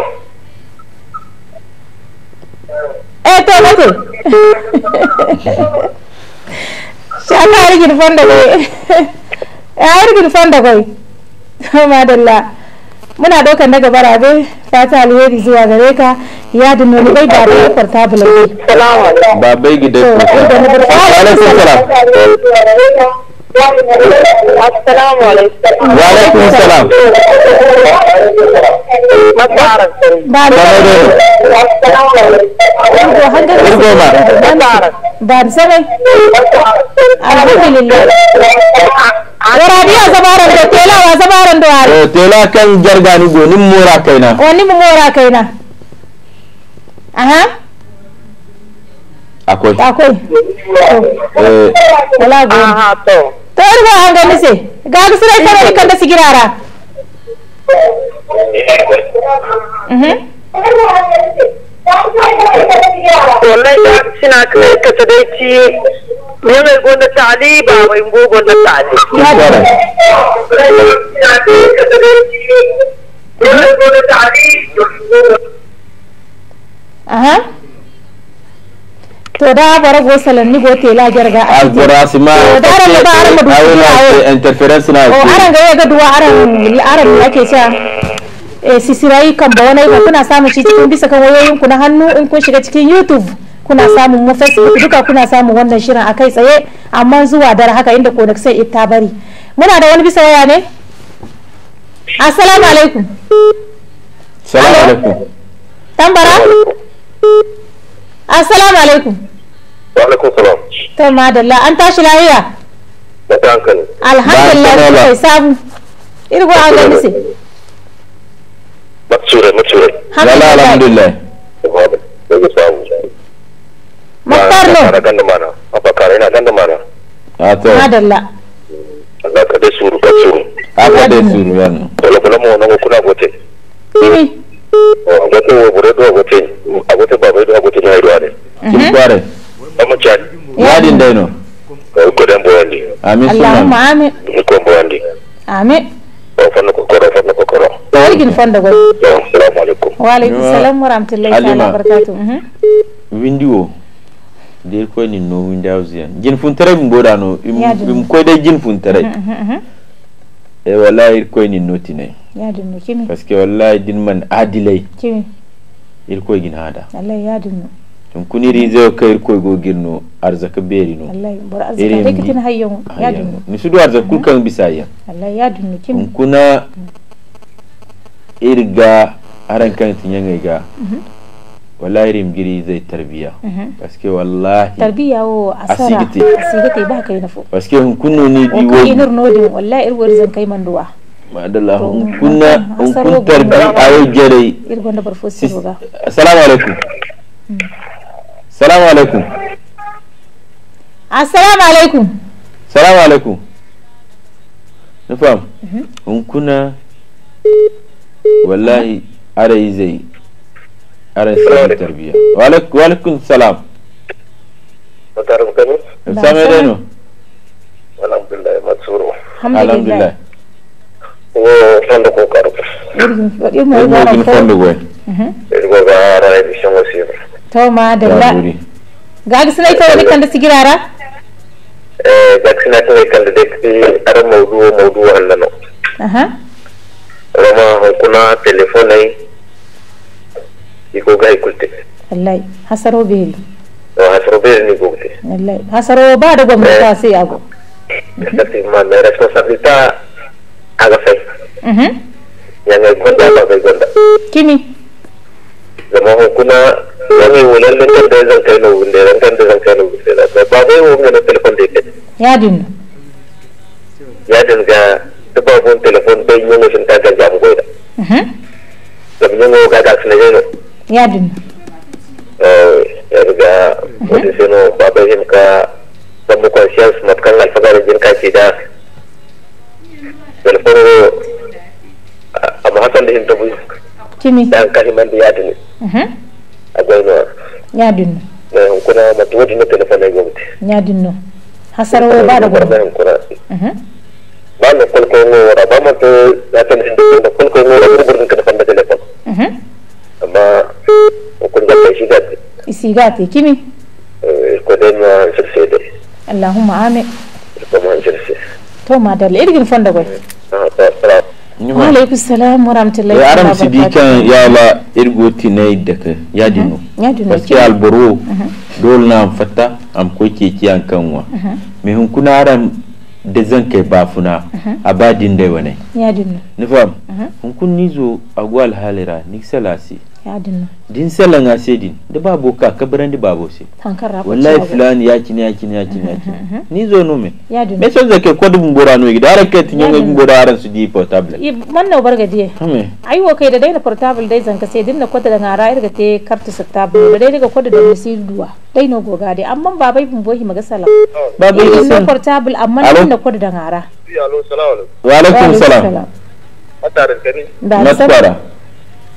eh to nake shaka rigin fanda kai ya rigin fanda kai madalla muna daukan daga barabe fata alheri zuwa gare ka ya da Ba da ta kwarta bulabai babai gidan alaikum salam አሰላሙ አለይኩም። ዋለይኩም ሰላም። ባንሰበይ alhamdulillah waraadiya sabaran do tela wa sabaran do ari tela kan jargani go nim mora kaina o nim mora kaina aha akwai akwai wala go aha to to irgo hanga nise ga ga sira tare ni kanda sigirara mhm wallahi sina kai ka tadai ci mun mai gonda tali ba wai go gonda tali ya da sina kai ka tadai ci mun mai gonda tali aha to da bara go ni go tela jarga a gora sima to da ran ba aran du awai interference na o oh, aran ga ga duwa aran aran ake sha e eh, sisirai kan ba wani ba kuna samun shi cikin bisa kan wayoyin ku na hannu in kun shiga cikin youtube kuna samun mu facebook duka kuna samun wannan shirin a kai tsaye amma zuwa dare haka inda sai ita bari muna da wani bisa waya ne assalamu alaikum assalamu alaikum tambara assalamu alaikum salam to madalla an tashi lafiya da ta hankali alhamdulillah kai sabu irgo an ga misi matsure matsure lala alhamdulillah Makar no. Ana ganda mana. Apa kare ina ganda mana. Ato. Ah, madalla. Allah ka dai suru ka suru. Aka dai suru yana. Dole kula mu wannan kuna gote. Eh. ngote woburedu agote agote babedu agote na irwane kimkware mhm. amuchani yadi ndeno ukode mbwandi amin allahumma amin ko mbwandi amin ofano kokoro ofano kokoro origin fonda go assalamu alaikum wa alaikum salam wa rahmatullahi wa barakatuh mhm. windi o nder koyni no winde awsiyan jin funtere mi mboɗano im koyde jin funtere mhm, e walla ir koyni notinayi yaadinno kimi par ce que wallahi din man aadilay kimi irkoygin haada wallahi yaadinno ɗum zai zewo ka irkoygo girno arsaka beeri no wallahiboraarsakitin hayyon yaadinno mi sudu arsaka kul kan bisayan wallahi yaadinno kimi ɗum kuna irga aran kan ga. Mhm. wallahi rim giri zai tarbiya mhm. parce que wallahi tarbiya wo asara asigite asigite ba kai nafo parce que hun kunno ni diwo ko inir nodin wallahi irwar zan kai manduwa madalla in kunna in kun tarbi ayo jere assalamu alaikum hmm. assalamu alaikum assalamu alaikum assalamu alaikum nufam in mhm. kuna wallahi arai zai arai sai tarbiya wa alaikum salam Assalamu alaikum. Assalamu alaikum. Alhamdulillah. Alhamdulillah. fondugu ugaruka irwogin fondugue irwoga ararayda ishongo sibra toma dalla gagsinay tawani kanda sigirara gagsinatnay kanda dekti ara mawduwo mawduwo handano roma hunkuna telefone ay ikoga hikulte wallahi hasaro beeri hasaro beeri ni gogte wallahi hasaro baada gomnata siyago effectivement mais aga fay Mm-hmm. Yang ngikut dapat bergonda. Kini. Zama hukuma zami wulan nan kan da zan kan da zan kai nubu Ya din. Ya din ga da ba bon jam goida. Mhm. Da mun yi ga da Ya din. Eh ya ga wani sai no ba bai himka dan mu conscience matkan ko hasande hen tooɓoy tini ɗan kadi man ɗo yaadani a ɓoyno on ñaadinno eyi on kono ma woodino téléphone e gomde ñaadinno ha sara o baɗo gorma hen kono ɓanno kolko ngo wora ɓama to hasande hen ɗo kolko ngo wora ɓuri ɓurɗum kadi fanda téléphone amma okono jaɓɓa e sigade amin ko ma fersé to madalla eɗi gin wa alaikum salam wa rahmatullahi wa barakatuh aram sidikan ya la irgo tinai daga ya uh-huh. dino ya dino parce alboro uh-huh. dole na am fatta am ko ke ki an kanwa uh-huh. me hun kuna aram da zan kai bafuna a badin dai wane ya dino ni fam hun kun nizo agwal halira ni salasi adin din sallan a din da ba boka ka biran ba babo se wallahi filan ya kini ya kini ya kini ya kini mm-hmm. ni zo no me me so zake ko dubun bora no gida har kai tinye ngun bora ran su di portable man no ga die ai wo kai da dai na portable dai zanka sai din na kwata da ngara irga te kartu su tabu da dai daga kwata da si duwa dai no goga dai amma babai bun bohi maga salam babai eh, na portable amma din na kwata da ngara wa alaikum salam da da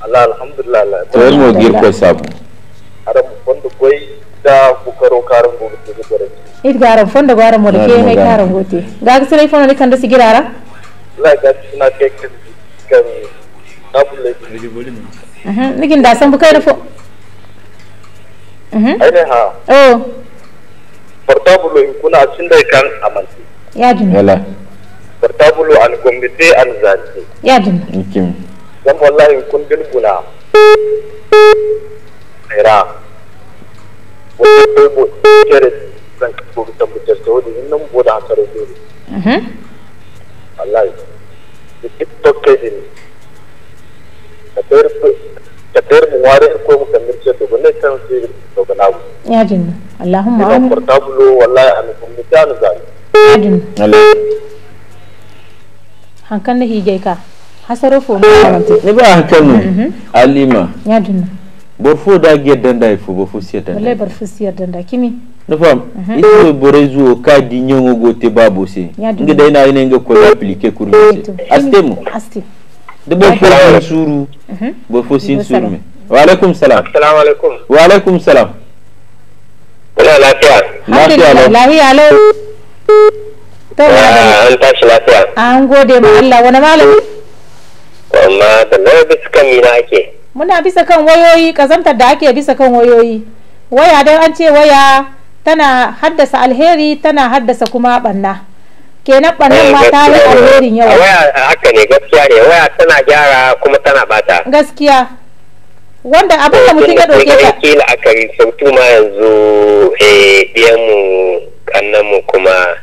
Allah alhamdulillah to yar mo gir ko sabu ara fondo koy da ku karo karam go to gore it garam fondo garam mo de ke hay karam go te ga ga sele fondo de kanda sigirara la ga na ke kan abule ni boli ni mhm nikin da san bu kai fo mhm ai ha oh portable in kuna cinda kan amanti ya jin wala portable an gombe an zanti ya jin nikin dan wallahi in kun bil guna khaira wa tubu kere kan ko ta mutar to din nan boda kare ne mhm wallahi di tiktok ke din kater kater muware ko mu kan mirce to ne kan sai to kana ya din allahumma amin ko ta bulo wallahi an kun mutana zai ya din allah hankan da hige ka hasarofo makarante eh, ne ba mhm. hakanu alima ya dunna borfo da gedda danda fo bo fo siyata wallahi bar fo siyata nda kimi no fam ito ka di nyongo go te babo se ngi dai na ina ngi ko appliquer kuri astemo asti de bo fo suru mhm. bo fo sin suru me wa alaikum salam assalamu alaikum wa alaikum salam Ina lafiya. Lafiya lafiya ala wa. Ah, an tashi lafiya. An gode ma Allah wani malami. amma sannan bisa kan mina ake muna bisa kan wayoyi kazantar da ake bisa kan wayoyi waya don an ce waya tana haddasa alheri tana haddasa kuma banna kenan bannan ma ta eh, yi alherin yawa waya haka ne gaskiya ne waya tana gyara kuma tana bata gaskiya wanda abin da mutum ya ɗauke ta ke la'akari sautu ma yanzu eh mu kannan mu kuma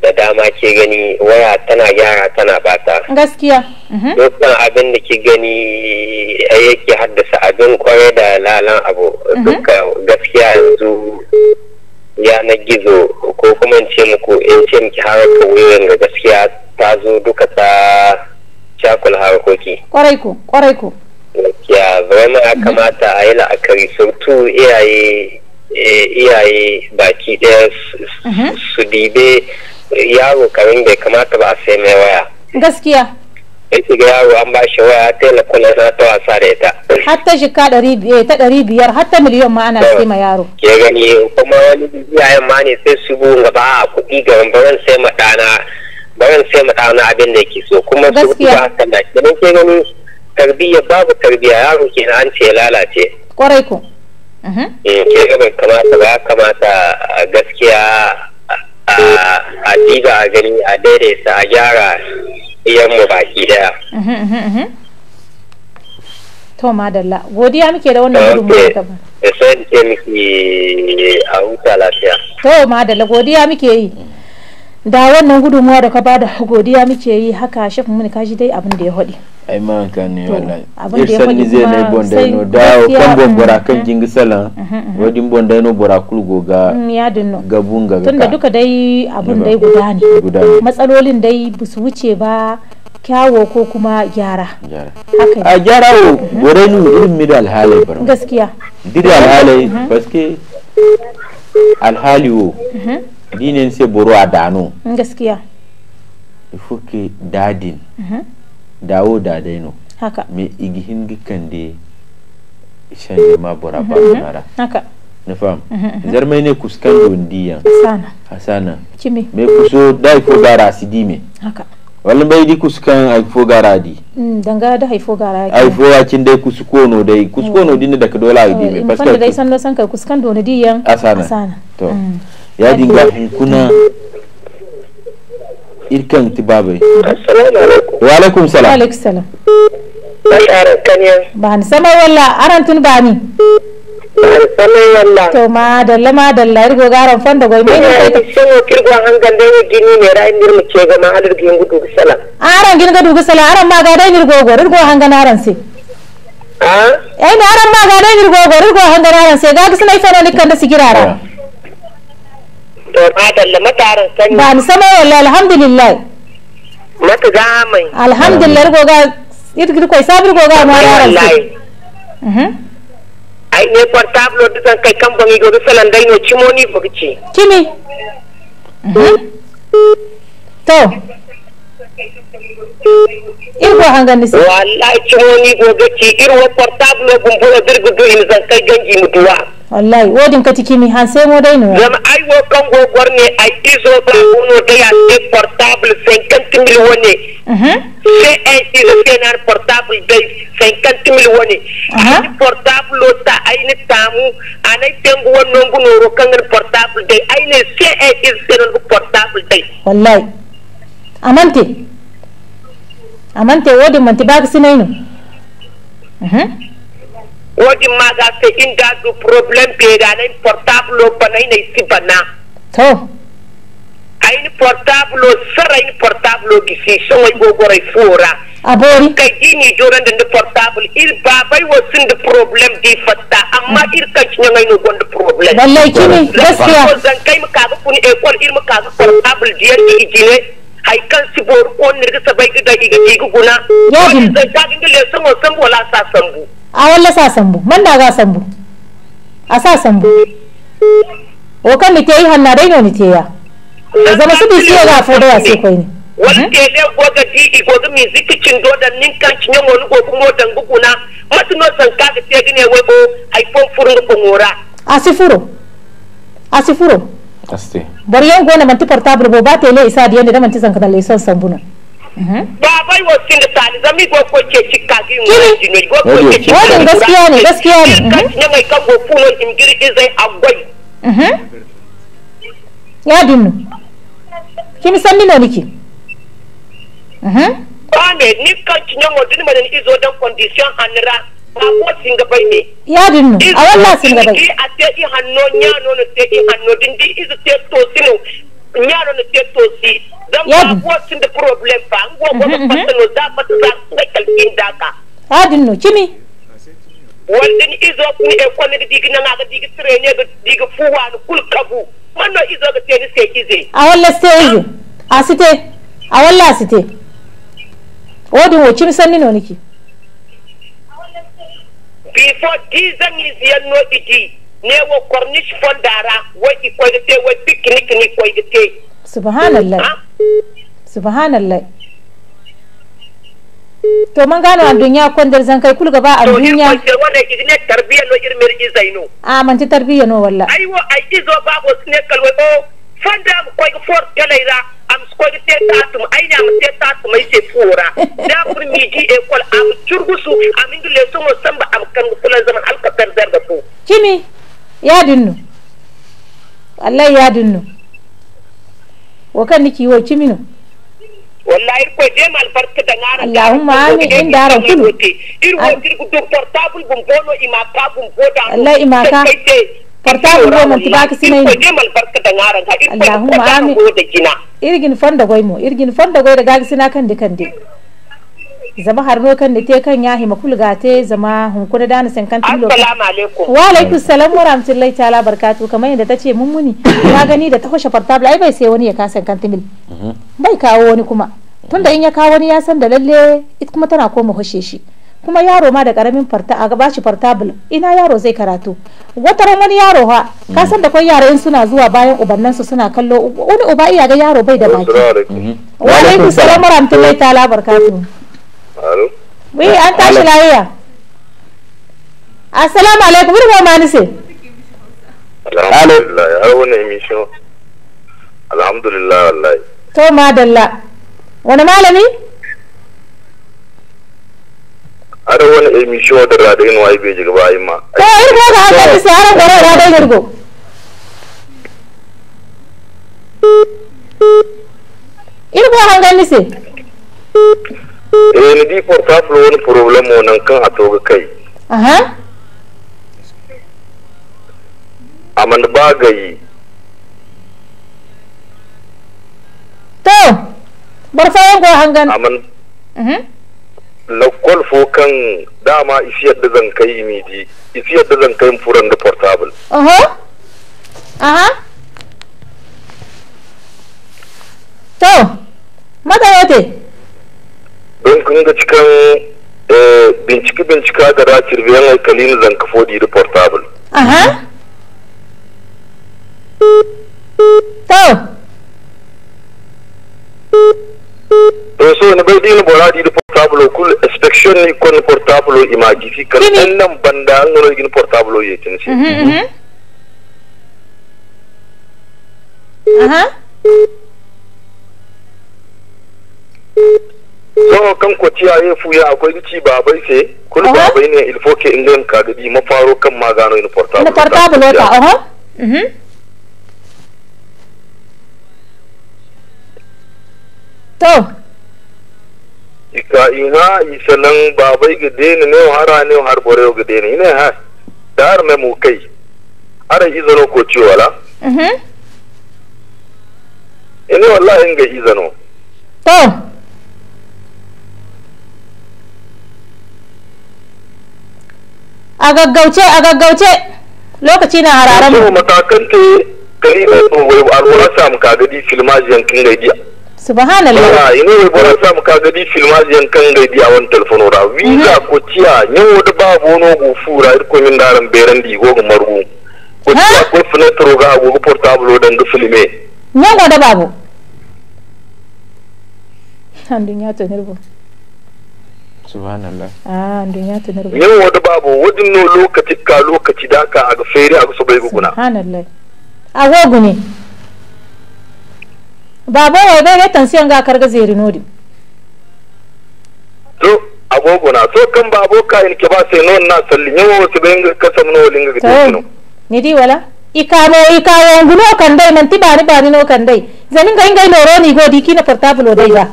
da dama ke gani waya tana gyara tana bata gaskiya mhm. dukkan abin da ke gani yake haddasa abin kwarai da lalan abu mhm. duka gaskiya yanzu yanar gizo ko kuma in ce muku in ce miki harkar wuyan ga gaskiya ta zo duka ta shakul harkoki kwarai ku kwarai ku ya zama mhm. ya kamata a yi la'akari sautu iyaye eh, iyaye baki ɗaya su dibe yaro karin bai kamata ba a sai mai waya gaskiya ya ga yaro an ba shi waya ta yi kuna ta wasa da ita har ta shika eh, ta ɗari biyar hatta miliyan ma ana sai ma yaro ke gani kuma wani biyayen ma ne sai su bugun gaba a kuɗi ga barin sai ma ɗana barin sai ma ɗana abin da yake so kuma su ba a da ke gani tarbiyyar babu tarbiyya yaro kenan an ce lalace kwarai ko mhm. eh, ke gaban kamata ba kamata gaskiya a diba a gani a daidaita a gyara mu baki daya. Uhuh, uhuh, uhuh. To madalla, godiya muke da wannan da ta ba. Sai ce muke a huta lafiya. To madalla, godiya muke yi. Da wannan gudunmuwa da ka bada godiya muke yi haka shafin mun kashi dai abin da ya haɗi. ai ma ka ne wallahi irsan zai na bonda no da kan bon bora kan mm. jingi sala mm, mm, wadin bonda no bora kulgo ga ga bunga ga tunda duka dai abun dai guda ne matsalolin dai su wuce ba kyawo ko kuma gyara a gyara wo gore mm-hmm. ni irin mi da alhalai bar gaskiya dida alhali mm-hmm. paske alhali wo mm-hmm. dinin sai boro a dano gaskiya ifuke dadin dawo da daino haka me igihin gikan de shan ma bora ba nara mhm. haka na fam mhm, mhm, zarmai ne kuskan dondiya sana hasana kime me kuso dai ko gara sidi me haka wallan bai di kuskan fo gara di mm, danga da fo gara ai fo ya kin dai kuskono dai kuskono mm. dinne da ai di me eh, paske dai san san ka kuskan dondiya hasana to mm. ya dinga kuna irkan tibabai. assalamu alaikum wa alaikum salam ba ni sama walla aran tun ba ni to ma dalla ma dalla irgo garan fanda goy me ne ta sino kirgo an gande ni gini ne rai nir mu ce ga ma alir gin gudu sala aran gin gudu sala aran ma ga dai irgo go irgo an gana aran se ah eh aran ma ga dai irgo go irgo an gana aran se ga sunai fara likkan da sigirara to madalla mataran sani ba ni sama wallahi alhamdulillah mata gamai alhamdulillah ko ga yidgir ko sabir ko ga ma yaran mhm. ai ne portable da san kai kan bangi gobe salan dai no cimoni bugci cimi mhm. hmm? to irwahanganisa wallahi cewoni gobe ci irwo portable gum fo dir gudu in san kai ganji mutuwa wallahi wodin kati kimi han sai mo dai no zama ai wo kan go gorne ai iso ta uno da ya te portable 50 mil woni sai ai iso tenar portable dai 50 mil woni ai portable ta ai ne tamu anai tengu wonno nguno ro kan portable dai ai ne sai ai iso tenar portable dai wallahi amante amante wodi monti baga sinayno wodi maga so inda du probléme ɓeeɗanayi portable o banayna sibana to ayni portable o sara ayni portable o gisi sogoy ɓogoroye foora abori kay jini jonande nde portable ir babay wo sinde probléme di fatta amma ir kancñagayno gonde probléme wallay kini gaskiya zan kayma kaga pun école irma kaga portable diyan ɗi ijine si bor on nirga sabai gida iga iga guna din da jagin gile sun o sambu wala sa sambu a wala sa sambu man da ga sambu a sa sambu o kan ni ke yi hanna dai ni te ya da zama su bi su ga fodo ya sai koi ne wani mhm. ke ne goga di igoga mi do da nin kan cinye wani gogu modan guguna no san ga te ne wai ko aifon furun gungura a sifuro a sifuro asti bor yon gona man ti portable bo ba tele isa di yende manti ti zanka dalle son sambuna mhm. baba yi wasu da tani zami go ko ke ci ka gi mu ji no go ko ke ci wannan gaskiya ne gaskiya ne ne mhm. mai ka go funo in giri izai agwai mhm. ya dinnu kimi san mino niki Ame, ni kan cinye ngodini madan izo dan condition anra ko singa bay ni ya e dinno a walla a te i ya nyano no te i hanno din di izo te nyano no dan problem no da da kalkin daka a dinno izo ni digi na digi digi fuwa no kul kabu izo ni a walla a site a walla site wodin wo kimi sanni no niki before dizan is yan no igi ne wo cornish fondara wo i koy de wo picnic ni koy de te subhanallah subhanallah to man gano an dunya kon der zan kai kulga ba an dunya to wanda ki ne tarbiya no irmir izaino a ah, man ci tarbiya no walla aiwo ai izo babo ne kalwo oh. fanda mu koy for kalaira am koy te tatum ayna te se fora da pour mi ji école am churgusu am indu le songo samba am kan kula zaman al ka perder da to kimi ya dinnu wallahi ya dinnu wa kan niki wo kimino wallahi ko de mal barka da ngara Allahumma amin in dara kulu ir wo doctor tabul bum bono imaka bum imaka farta mu wannan tibaka sinai ne gemal barkatan aran ka Allahumma amin da gina irgin fanda goy mo irgin fanda goy da gagi sina kan de kan de zama harno kan da te kan ya hima kulga te zama hunkuna da na sankan tulo assalamu alaikum wa alaikum salam wa rahmatullahi ta'ala barkatu kamar yadda tace mun muni na gani da ta hoshe fartable ai bai sai wani ya kasan kan timil mhm. bai kawo wani kuma tunda in ya kawo wani ya san da lalle ita kuma tana koma hoshe shi kuma yaro ma da karamin farta a gaba shi fartabul ina yaro zai karatu wata ran wani yaro ha ka san da kai yara in suna zuwa bayan ubannan su suna kallo wani uba iya ga yaro bai da baki wa mhm. alaikum salam wa rahmatullahi eh. ta'ala barakatuh alo wi an tashi lafiya assalamu alaikum ni sai alhamdulillah har wani emission alhamdulillah wallahi to madalla wani malami ada wani emission da rada yin wai bai jiga bai ma to irgo ga haka ki sara gore rada irgo irgo hanga ni se eh ni di portable wani problem wannan kan a toga kai aha aman bagayi to bar fayan go hangan aman mhm. lakwal fo kan dama isi yadda zan kai imidi isi yadda zan kai furan da portable oho aha to mata yote don kun ga cikin eh, bincike bincika da rakir biyan alkalin zan kafo di da portable aha to reso ne bai dina bora di portable kul inspection ni kon portable imaji fi kan nan banda an ngoro gin portable ye tin si mhm, mhm. aha so kan ko tiya ye fu ya akwai ci babai ce kul babai ne il faut que ingan ka gadi mafaro kan magano in portable portable ta aha mhm to ika ina isalan babai gide ni ne hara ne har bore gide ni ne ha dar me mu kai ara izano ko ci wala mhm ina wallahi inga izano to a gaggauce a gaggauce lokaci na hararen mu matakan ta kari ne ko wai alwala samu ka gadi filmajiyan kin subhanallah ina we bora sa mu kaga di filmaji yan kan ga di awon telefono da visa mhm. ko tiya nyawo da babu no go fura er ko min daran beran di go go margu ko tiya ko fenetro ga go portable dan ga filme nyawo da babu an dunya ta nirbo subhanallah ah an dunya ta nirbo nyawo da babu wadin no lokaci ka lokaci da ka aga fere aga so bai guguna subhanallah agogo ne babo wai bai siyan ga karga zeri nodi to agogo na so kan babo ka in ke ba sai non na salli yawo su bai ga kasam no linga ga to ni di wala ikano ikawo nguno kan dai nan tibari bari no kan dai zanin ga ingai noro ni godi kina portable dai ba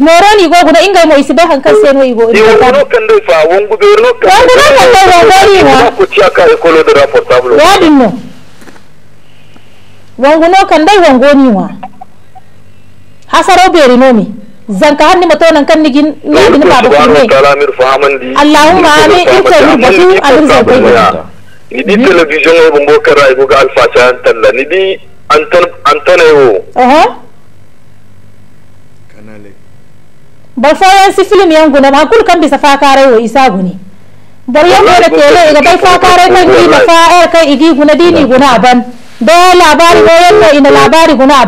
noro ni go guda ingai mo isibe hankal sai no igo ni wono kan dai fa wongu be no kan wongu no kan dai wongu ni wa ko tiaka e kolo da portable wadin no wangu no kan dai wangoni wa hasaro beri nomi zanka hanni nan kan nigin ni ba babu ni allahumma amin irko mi batu alir zanka ni di television o bombo kara ibu ga alfa sa talla ni di antan antana yo eh kanale fa yan si film yan guna ba kul kan bisa fa kare wo isa guni bar yan da tele ga bai fa kare kan ni ba fa er kai igi guna dini guna ban be labari go yonno ina labari guna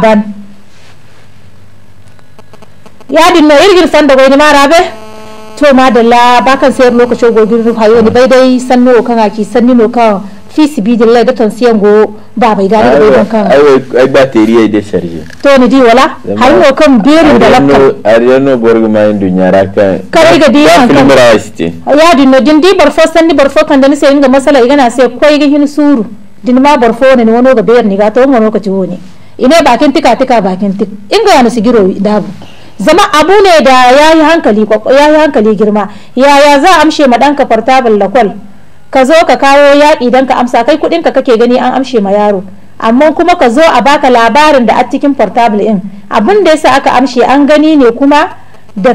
irgin san da irgir sanda mara be to ba bakan sayar lokaci go girin hayo ni bai dai sanno kan aki sanni no kan fi dillai da tan siyan go ba bai gari da bai kan ai ai ba teriye de sharje to ni di wala har no kan birin da lakka no borgo mai dunya raka kare ga di kan kan ya dinno din di barfo sanni barfo kan da ni sayin ga masala igana sai koi ga hin suru dinma barfo ne wono ga ber ni ga to wono ka ci ine bakin tika tika bakin tik ga na sigiro dabu zama abu ne da yayi hankali yayi hankali girma yaya za amshe ma danka portable kwal ka zo ka kawo yaƙi don ka amsa kai kuɗin ka kake gani an amshe ma yaro amma kuma ka zo a baka labarin da a cikin portable din abin da yasa aka amshe an gani ne kuma da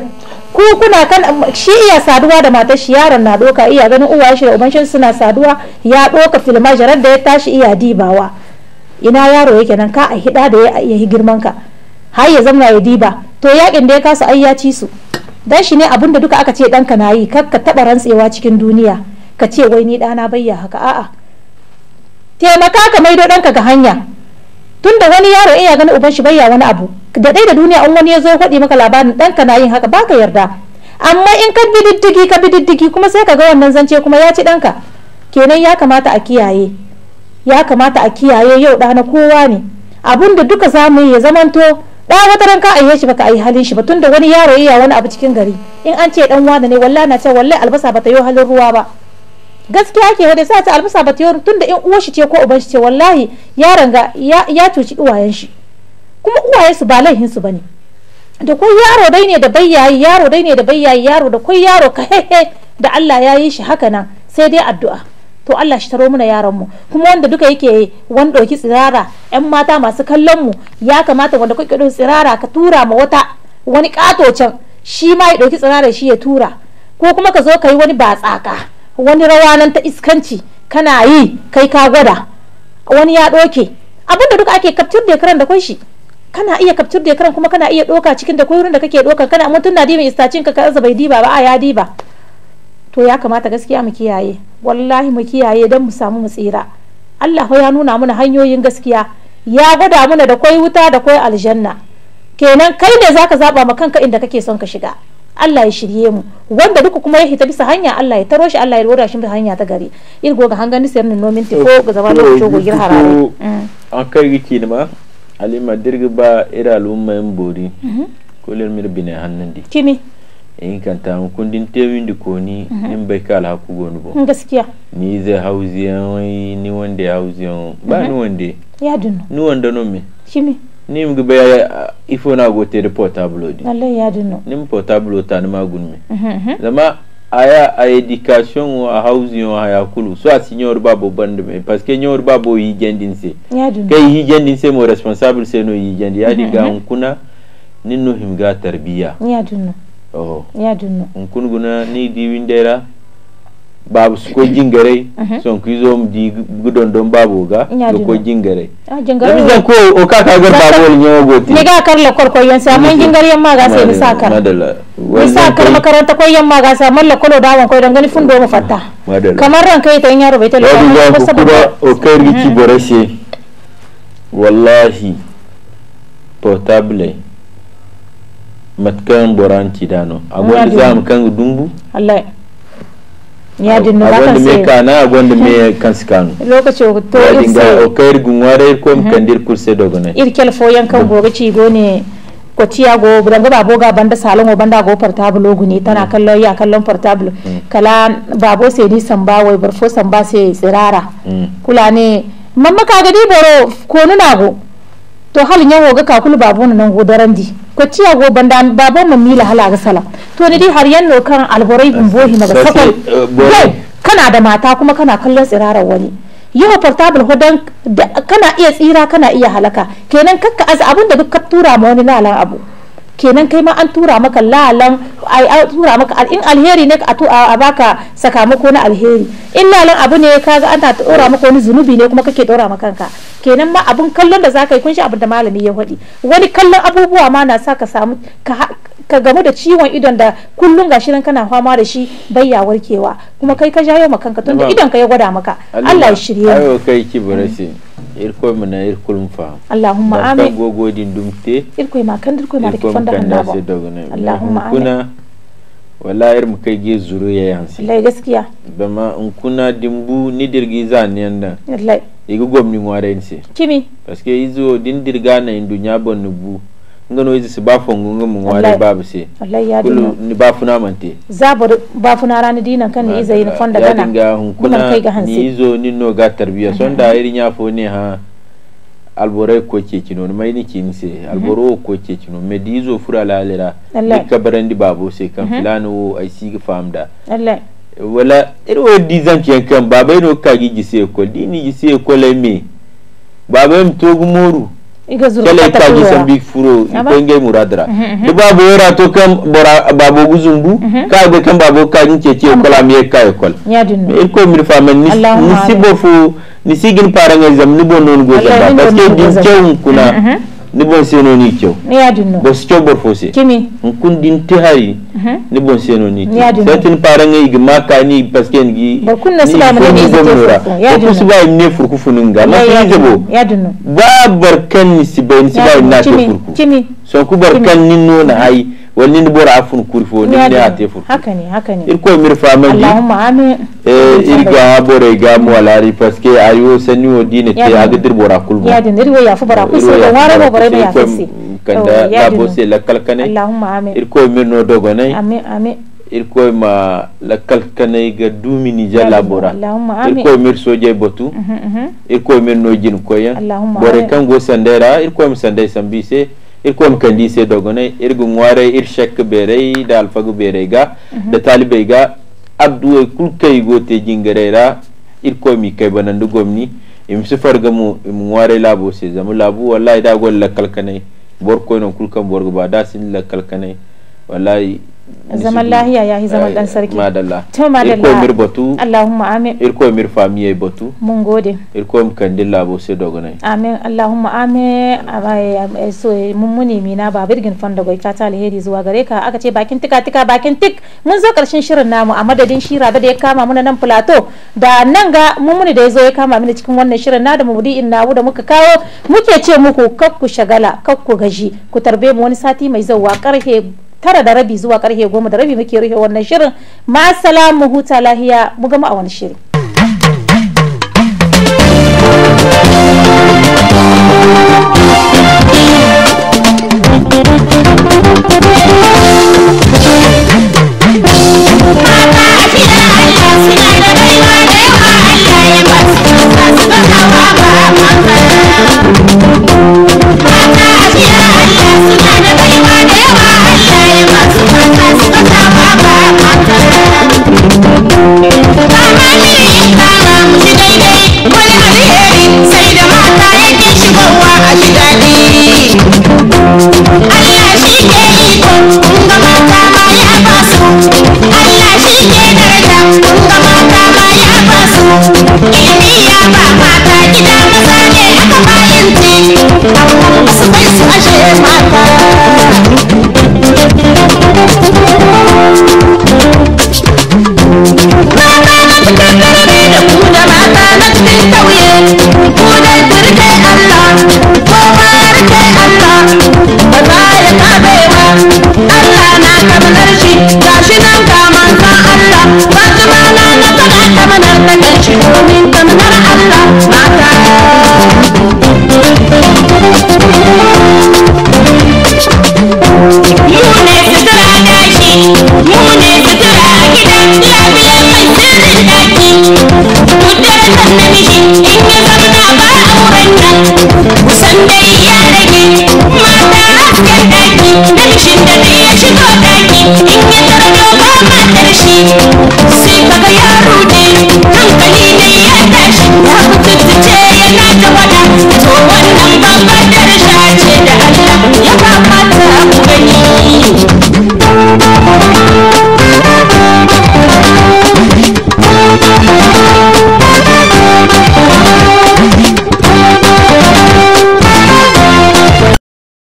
ku kuna kan shi iya saduwa da matar shi yaron na doka iya ganin uwa shi da uban shi suna saduwa ya doka filma jarar da ya tashi iya dibawa ina yaro yake nan ka a hida da ya yi girman ka har ya zama ya diba to yakin da ya kasa ai ci su dan shi ne abinda duka aka ce danka na yi kar ka taba rantsewa cikin duniya ka ce wai ni dana bayya haka a'a taimaka ka maido danka ga hanya tun da wani yaro iya ganin uban shi bayya wani abu da dai da duniya in wani ya zo ya maka labarin ɗanka na yin haka baka yarda amma in ka bi diddigi ka bi diddigi kuma sai ka ga wannan zance kuma ya ci ɗanka kenan ya kamata a kiyaye ya kamata a kiyaye yau da na kowa ne abun da duka zamu yi ya zamanto ɗa wata ran ka aiye shi baka ayi halin shi ba tun da wani yaro iya wani abu cikin gari in an ce dan wani ne wallahi na ce wallahi albasa bata yi halin ruwa ba gaskiya ke hade sa ta albasa ba ta tunda in uwar shi ce ko uban shi ce wallahi yaron ga ya cuci uwayen shi kuma uwayen su ba laihin su bane da kai yaro dai ne da bayyayi yaro dai ne da bayyayi yaro da kai yaro ka hehe da Allah ya yi shi haka nan sai dai addu'a to Allah shi taro mana yaran mu kuma wanda duka yake wani ɗauki tsirara yan mata masu kallon mu ya kamata wanda kuke ɗauki tsirara ka tura ma wata wani kato can shi ma ya ɗauki tsirara shi ya tura ko kuma ka zo ka yi wani batsaka wani rawa nan ta iskanci kana yi kai ka gwada wani ya doke abin da duka ake kaftir da karan da kwai shi kana iya kaftir da karan kuma kana iya doka cikin da kwai da kake doka kana mutum na diba istacin ka kaza bai diba ba a ya diba to ya kamata gaskiya mu kiyaye wallahi mu kiyaye dan mu samu mu tsira Allah ya nuna mana hanyoyin gaskiya ya gwada mana da kwai wuta da kwai aljanna kenan kai ne zaka zaba ma kanka inda kake son ka shiga Allah ya shirye mu wanda duka kuma ya hita bisa hanya Allah ya taro shi Allah ya roda shi bisa hanya ta gari irgo ga hangani sayar ni nomin ti ko ga zama da go gir harare an kai giki ne ma alima dirgi ba ira al'umma yan bori kullum mir bine hannun di kini in kan ta mu kundin tewin di koni in bai ka alhaku gonu bo gaskiya ni zai hauziyan ni wanda ya hauziyan ba ni wanda ya dunu ni wanda no kini nim gbe bɛ faut na gote de portable di n'ale ya no nim portable ta ni magunmi mhm, mhm. zama aya a education a house yo aya kulu so a senior babo bande me parce que senior babo yi gendin se kai yi gendin se mo responsable se no yi gendi ya mhm, ga kuna him ga tarbiya ya dinno oh ya un kun guna ni di windera babu su ko jingare mhm. son ku zo di gudon don babu ga da ko jingare da ah, zan ko o ka ka gar babu wani yawa goti ne ga kar la kor ko yan sa mun jingare yan ma ga sai bisa kar madalla bisa kar makaranta ko yan ma ga sa mun la kolo da wan ko dan gani fundo mu fatta kamar ran kai ta yaro bai ta la ko saboda o kai mhm. riki borashe wallahi portable matkan boranti dano amma zamu kan dumbu allah yadin no bakan sai kana gonda me hmm. kansi sikanu lokaco to irse o kair gunware ko hmm. kandir kurse dogone irkel fo kan hmm. gobe ci gone ko ciya go buranga babo ga banda salon o banda go portable guni tana kallo ya kallon portable kala babo sai ni samba wai barfo samba sai tsirara kula ne mamma ka gadi boro ko nuna go to halin yawo ga kakul babu nan godaran di ko ciya goban da babu mun mila hala ga sala to ni dai har yanno kan alborai bohi maga sakon eh, kana da mata kuma kana kallon tsirarar wani yawa portable hodon kana iya tsira kana iya halaka kenan kakka az abin da duk ka tura ma wani lalan abu kenan kai ma an tura maka lalan ai tura maka in alheri ne a baka sakamako na alheri in lalan abu ne ka ga ana tura maka wani zunubi ne kuma kake tura maka kanka kenan ma abun kallon da zaka yi kun shi abin da malami ya faɗi wani kallon abubuwa ma na sa ka samu ka gamu da ciwon idon da kullum gashi nan kana fama da shi bai ya warkewa kuma kai ka jayo maka kanka tunda idon ka ya gwada maka Allah ya shirye ayo kai irko mana irkulum mfa allahumma amin ka gogodin dumte irko ma kan irkoy ma dake fanda kan dabo allahumma amin kuna wala ir mu kai ge zuru ya yansi Allah gaskiya Bama in kuna dimbu ni dirgi zan yanda Allah igu gomni ngware kimi parce que izo din dirga na indunya bonnubu ngano izi si bafu ngunga mungwari babu si kulu ni bafu na mante zabar bafu na rani dinan kan ni iza yin fonda gana dinga hunkuna ni izo ni no ga tarbiya son da irin ya fo ne ha alborai ko ke kino ni mai ni se mhm. alboro ko ke kino me di izo fura lalira ni kabaran di babu se kan mhm. filano wo ai si ga famda Allah wala irin wa di zan kan babai no ka gi ko dini gise ko lai me babai mu to moru. kala ka gisan bi furo ko ngai muradra mhm, mhm. de babu yara to kam bora babo guzumbu ka be mhm. kam babu ka ni cece ko la miye ka ko il ko mi fa men ni sibo fu ni si gin sigin paranga zam ni bo non go zam parce que din cew kuna ni bon seno ni cew ni adunno bo cew bor fo se kimi kun din tihari ni bon seno ni certain parent ngi gma ka ni paske ngi ba kunna sala ma ni zete furku ya dinu su ba ne furku nga ma ni zebo ya dinu ba barkan ni si ba ni si ba na te furku kimi so ku barkan ni no na ai wani ni bora afun kurfo ni ne a te furku haka ni haka ni irko mir ma ni Allahumma amin eh irga bore ga mu mm. alari paske ayo sani o dine te aga dir bora kulbo ya ri wo ya fu so eh, kulbo wara bo bora ya fisi kanda labo oh, se la kalkane allahumma amin kane ko mi no dogo nay amin amin ko ma la kalkane ga dumi dumini ja labora mi so je botu mhm, mhm. ko mi no jin ko ya allahumma bore kan go sandera ko mi sandai sambise ko mi kandi se dogo nay dogonai gu ngware ir shek berei dal fagu bere ga mhm. de talibe ga abdu e kul kay go te jingere ra jingarera ko mi kay banandu gomni im sifarga mu im ngware labo se zamu labu wallahi da gol lakkal kane borkoyno kulkan borgo ba da sin la wallahi zaman lahiya ya yi zaman eh, dan sarki madalla to madalla irko mir batu allahumma amin irko mir famiye batu mun gode irko mi kandilla bo se dogonai amin allahumma amin abai eh, eh, so mun muni mina ba birgin fanda goi ka ta alheri zuwa gare ka aka ce bakin tika tika bakin tik mun zo karshen shirin namu a madadin shira da ya kama muna nan plateau da nan ga mun muni da ya zo ya kama mini cikin wannan shirin na da maudu'in nawu da muka kawo muke ce muku kakku shagala kakku gaji ku tarbe mu wani sati mai zauwa karfe tara da rabi zuwa karfe goma da rabi muke rufe wannan shirin ma salamu huta lahiya mu gama a wani shiri.